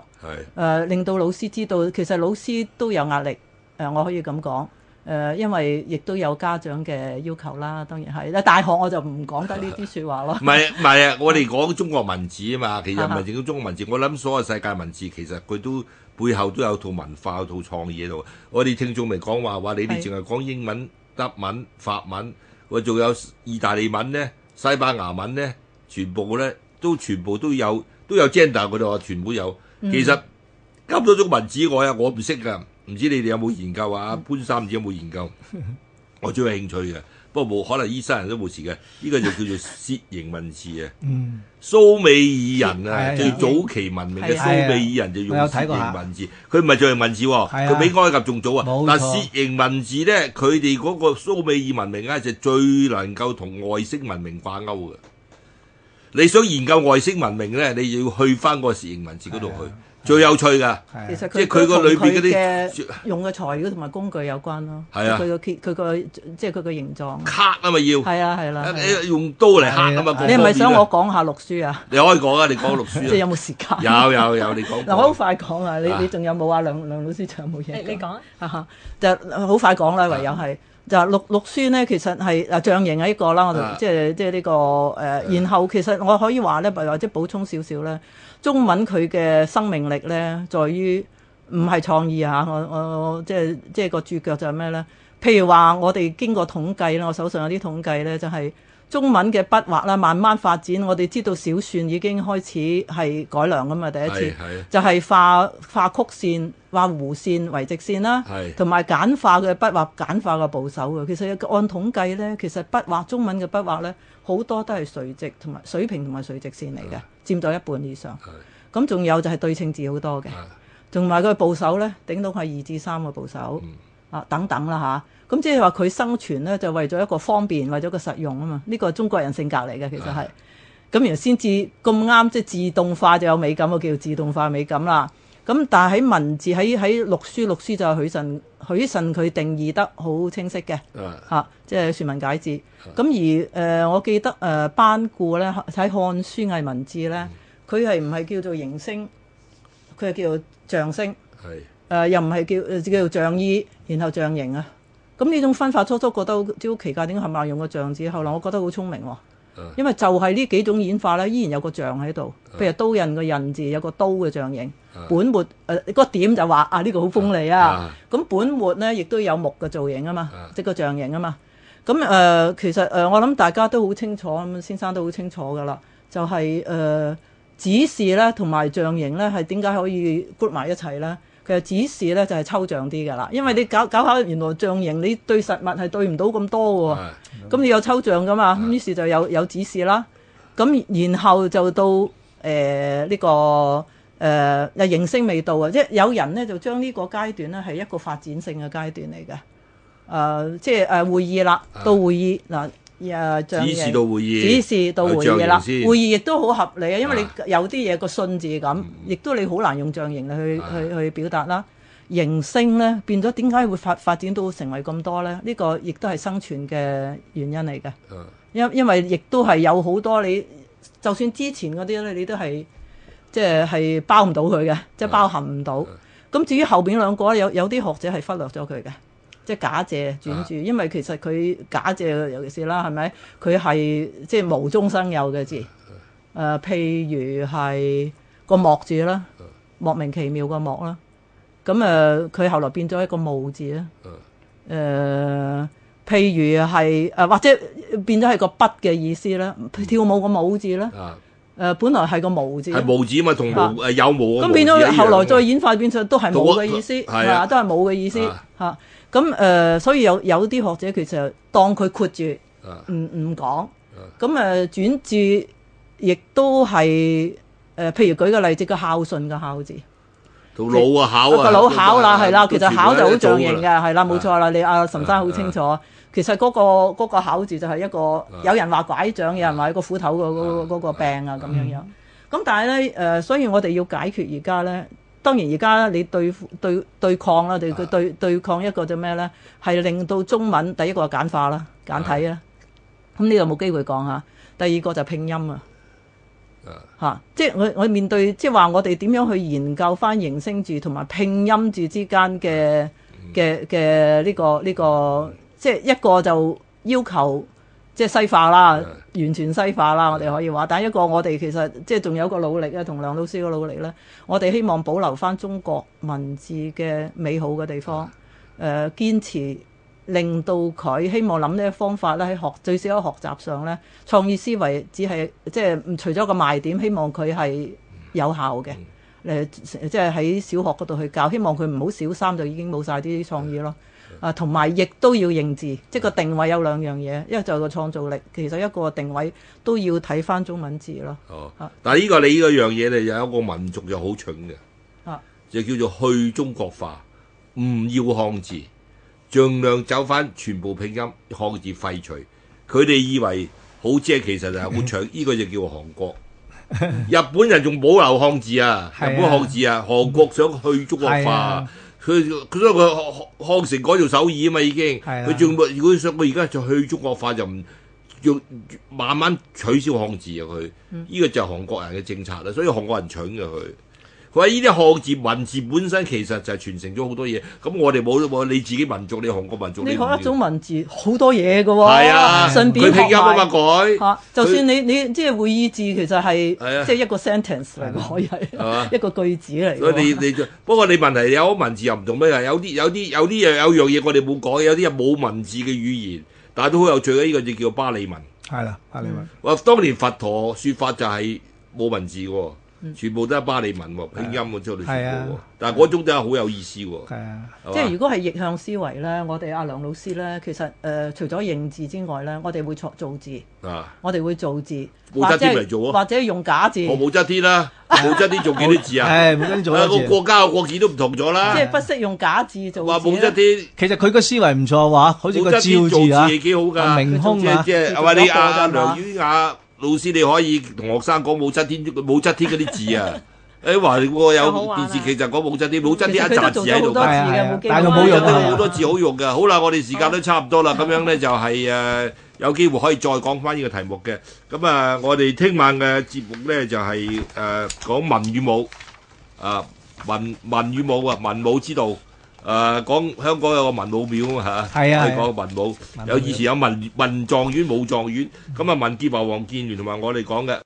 呃、令到老師知道，其實老師都有壓力、呃。我可以咁講。誒，因為亦都有家長嘅要求啦，當然係啦。大學我就唔講得呢啲說話咯。 唔係唔係啊！我哋講中國文字啊嘛，其實唔係淨中國文字。 我諗所有世界文字其實佢都背後都有套文化、套創意喺度。我哋聽眾咪講話話你哋淨係講英文、德文、法文，我仲有意大利文咧、西班牙文咧，全部咧都全部都有，都有 gender 佢度話全部有。其實咁多種文字我啊，我唔識㗎。唔知你哋有冇研究啊？潘三子有冇研究？我最有興趣嘅，不過冇可能，醫生人都冇事嘅。呢、這個就叫做楔形文字啊。蘇、 嗯、美爾人啊，最早期文明嘅蘇、 嗯、美爾人就用楔形文字，佢唔係最係文字、啊，佢、 嗯、比埃及仲早啊。 但楔形文字咧，佢哋嗰個蘇美爾文明咧、啊、就最能夠同外星文明掛鈎嘅。你想研究外星文明咧，你要去翻個楔形文字嗰度去。 嗯最有趣嘅，即係佢個裏邊嗰啲用嘅材料同埋工具有關咯。係啊，佢個佢個即係佢個形狀。卡啊嘛要。係啊係啦。用刀嚟行啊嘛？你係咪想我講下六書啊？你可以講啊，你講六書。即係有冇時間？有有有，你講嗱，我好快講啊！你你仲有冇啊？梁梁老師仲有冇嘢？你你講啊就好快講啦，唯有係。就六書咧，其實係嗱象形嘅一個啦，啊、我哋即係即係呢個、呃、的然後其實我可以話咧，或或者補充少少咧，中文佢嘅生命力咧，在於唔係創意啊。我我即係即係個注腳就係咩咧？譬如話我哋經過統計啦，我手上有啲統計咧，就係、是。中文嘅筆畫啦，慢慢發展。我哋知道小篆已經開始係改良噶嘛，第一次就係畫畫曲線，畫弧線為直線啦，同埋是簡化嘅筆畫，簡化嘅部首嘅。其實按統計呢，其實筆畫中文嘅筆畫呢，好多都係垂直同埋水平同埋垂直線嚟嘅，是佔咗一半以上。咁仲是有就係對稱字好多嘅，同埋佢部首呢，頂到係二至三個部首啊，嗯、等等啦嚇。咁即係話佢生存咧，就為咗一個方便，為咗個實用啊嘛。呢、這個中國人性格嚟嘅，其實係咁，啊、然後先至咁啱，即係、就是、自動化就有美感，我叫自動化美感啦。咁但係喺文字喺喺六書六書就許慎許慎佢定義得好清晰嘅嚇，即係、啊《啊就是、說文解字》啊。咁而誒、呃，我記得誒、呃、班固咧睇《漢書藝文字呢》咧，佢係唔係叫做形聲？佢係叫做象聲。係是、呃、又唔係叫叫做象意然後象形啊。咁呢種分化，初初覺得好奇怪，點解冚唪唥用個象字？後來我覺得好聰明喎、哦，uh, 因為就係呢幾種演化咧，依然有個象喺度。譬如刀刃個刃字有個刀嘅象形，本末誒嗰、uh, 呃那個點就話啊呢個好鋒利啊。咁、uh, uh, 本末咧亦都有木嘅造型啊嘛，即、uh, 個象形啊嘛。咁、呃、誒其實、呃、我諗大家都好清楚，咁先生都好清楚㗎啦。就係、是、誒、呃、指示咧，同埋象形咧，係點解可以 group 埋一齊咧？其實指示咧就係、是、抽象啲嘅啦，因為你搞搞下原來象形，你對實物係對唔到咁多喎，咁你有抽象嘅嘛，咁於是就有有指示啦。咁然後就到誒呢、呃這個誒又、呃、形聲味道啊，即係有人咧就將呢個階段咧係一個發展性嘅階段嚟嘅，誒、呃、即係誒、呃、會議啦，到會議嗱。呃啊，yeah，象形，指示到會議，指示到會議啦。啊、會議亦都好合理啊，因為你有啲嘢、啊、個信字咁，亦都你好難用象形嚟去去、啊、去表達啦。啊、形聲咧變咗點解會發發展到成為咁多咧？呢、呢個亦都係生存嘅原因嚟嘅。因、啊、因為亦都係有好多你，就算之前嗰啲咧，你都係即係係包唔到佢嘅，即、就、係、是、包含唔到。咁、啊啊、至於後邊兩個咧，有有啲學者係忽略咗佢嘅。即係假借轉注，因為其實佢假借，尤其是啦，係咪佢係即係無中生有嘅字？誒、呃，譬如係個莫字啦，莫名其妙個莫啦，咁誒佢後來變咗一個冇字啦。誒、呃，譬如係誒或者變咗係個筆嘅意思啦，跳舞個舞字啦。誒、呃，本來係個冇字。係冇字嘛，同冇、啊、有冇咁變咗？後來再演化變出都係冇嘅意思，係啊，係啊都係冇嘅意思嚇。啊啊。咁誒，所以有有啲學者其實當佢括住，唔唔講。咁誒轉注亦都係誒，譬如舉個例子嘅孝順嘅孝字，個老啊考啊，老考啦係啦，其實考就好象形嘅係啦，冇錯啦。你阿岑生好清楚，其實嗰個嗰考字就係一個有人話拐杖，有人話個斧頭個嗰個病啊咁樣樣。咁但係咧誒，所以我哋要解決而家咧。當然而家你對對對抗啦，對佢對對抗一個就咩咧？係令到中文第一個簡化啦，簡體啦。咁啊，呢個冇機會講嚇。第二個就是拼音啊。啊，即係我我面對即係話我哋點樣去研究翻形聲字同埋拼音字之間嘅嘅嘅呢個呢個，即係一個就要求。即係西化啦，完全西化啦，我哋可以話。但係一個我哋其實即係仲有個努力咧，同梁老師嘅努力咧，我哋希望保留返中國文字嘅美好嘅地方。誒、呃，堅持令到佢希望諗呢個方法咧，喺學最少喺學習上咧，創意思維只係即係除咗個賣點，希望佢係有效嘅。誒、呃，即係喺小學嗰度去教，希望佢唔好小三就已經冇晒啲創意咯。啊，同埋亦都要認字，即係個定位有兩樣嘢，一個就個創造力，其實一個定位都要睇翻中文字咯。哦，啊、但係呢、呢個你呢、呢個樣嘢咧，有一個民族就好蠢嘅，啊、就叫做去中國化，唔要漢字，儘量走翻全部拼音，漢字廢除。佢哋以為好正，其實係好蠢。呢 個就叫韓國，日本人仲保留漢字啊，啊日本漢字啊，韓國想去中國化。佢佢，所以佢漢城改做首爾啊嘛，已經，佢仲的如果想佢，而家就去中國化，就唔要慢慢取消漢字啊佢，呢、嗯、個就係韓國人嘅政策啦，所以韓國人蠢嘅佢。佢話：呢啲漢字文字本身其實就係傳承咗好多嘢。咁我哋冇喎，你自己民族，你韓國民族，你學一種文字好多嘢嘅喎。係啊，順便學拼音啊嘛改。嚇、嗯，嗯嗯嗯、就算你你即係、即係、會意字，其實係即係一個 sentence 嚟嘅、啊，係、啊、一個句子嚟、啊。你 你不過你問題有，有，有，有，有，有，有，有文字又唔同咩？有啲有啲有啲有樣嘢，我哋冇講。有啲又冇文字嘅語言，但係都好有趣嘅。依、呢個就叫巴利文。係啦、啊，巴利文。話、嗯、當年佛陀説法就係冇文字嘅。全部都係巴利文喎，拼音我喺度讀喎，但係嗰種真係好有意思喎。係啊，即係如果係逆向思維咧，我哋阿梁老師咧，其實誒除咗認字之外咧，我哋會作造字。啊！我哋會造字。武則天嚟做啊！或者用假字。我武則天啦，武則天造幾多字啊！係武則天仲有字。係個國家嘅國語都唔同咗啦。即係不識用假字做。話武則天。其實佢個思維唔錯喎，好似個招字啊。武則天造字亦幾好㗎。明空啊，即係話你阿梁婉雅。老師你可以同學生講《武則天》《武則天》嗰啲字啊！哎話喎有電視劇就講《武則天》，《武則天》一集字喺度，但係冇用好多字好用嘅。好啦，我哋時間都差唔多啦，咁樣咧就係誒有機會可以再講翻呢個題目嘅。咁啊，我哋聽晚嘅節目咧就係誒講文與武啊，文文與武啊，文武之道。呃，講香港有個文武廟，啊嚇，講、啊、文武是、啊、有以前有文文狀元武狀元，咁、嗯、啊文潔華、黃建聯同埋我哋講嘅。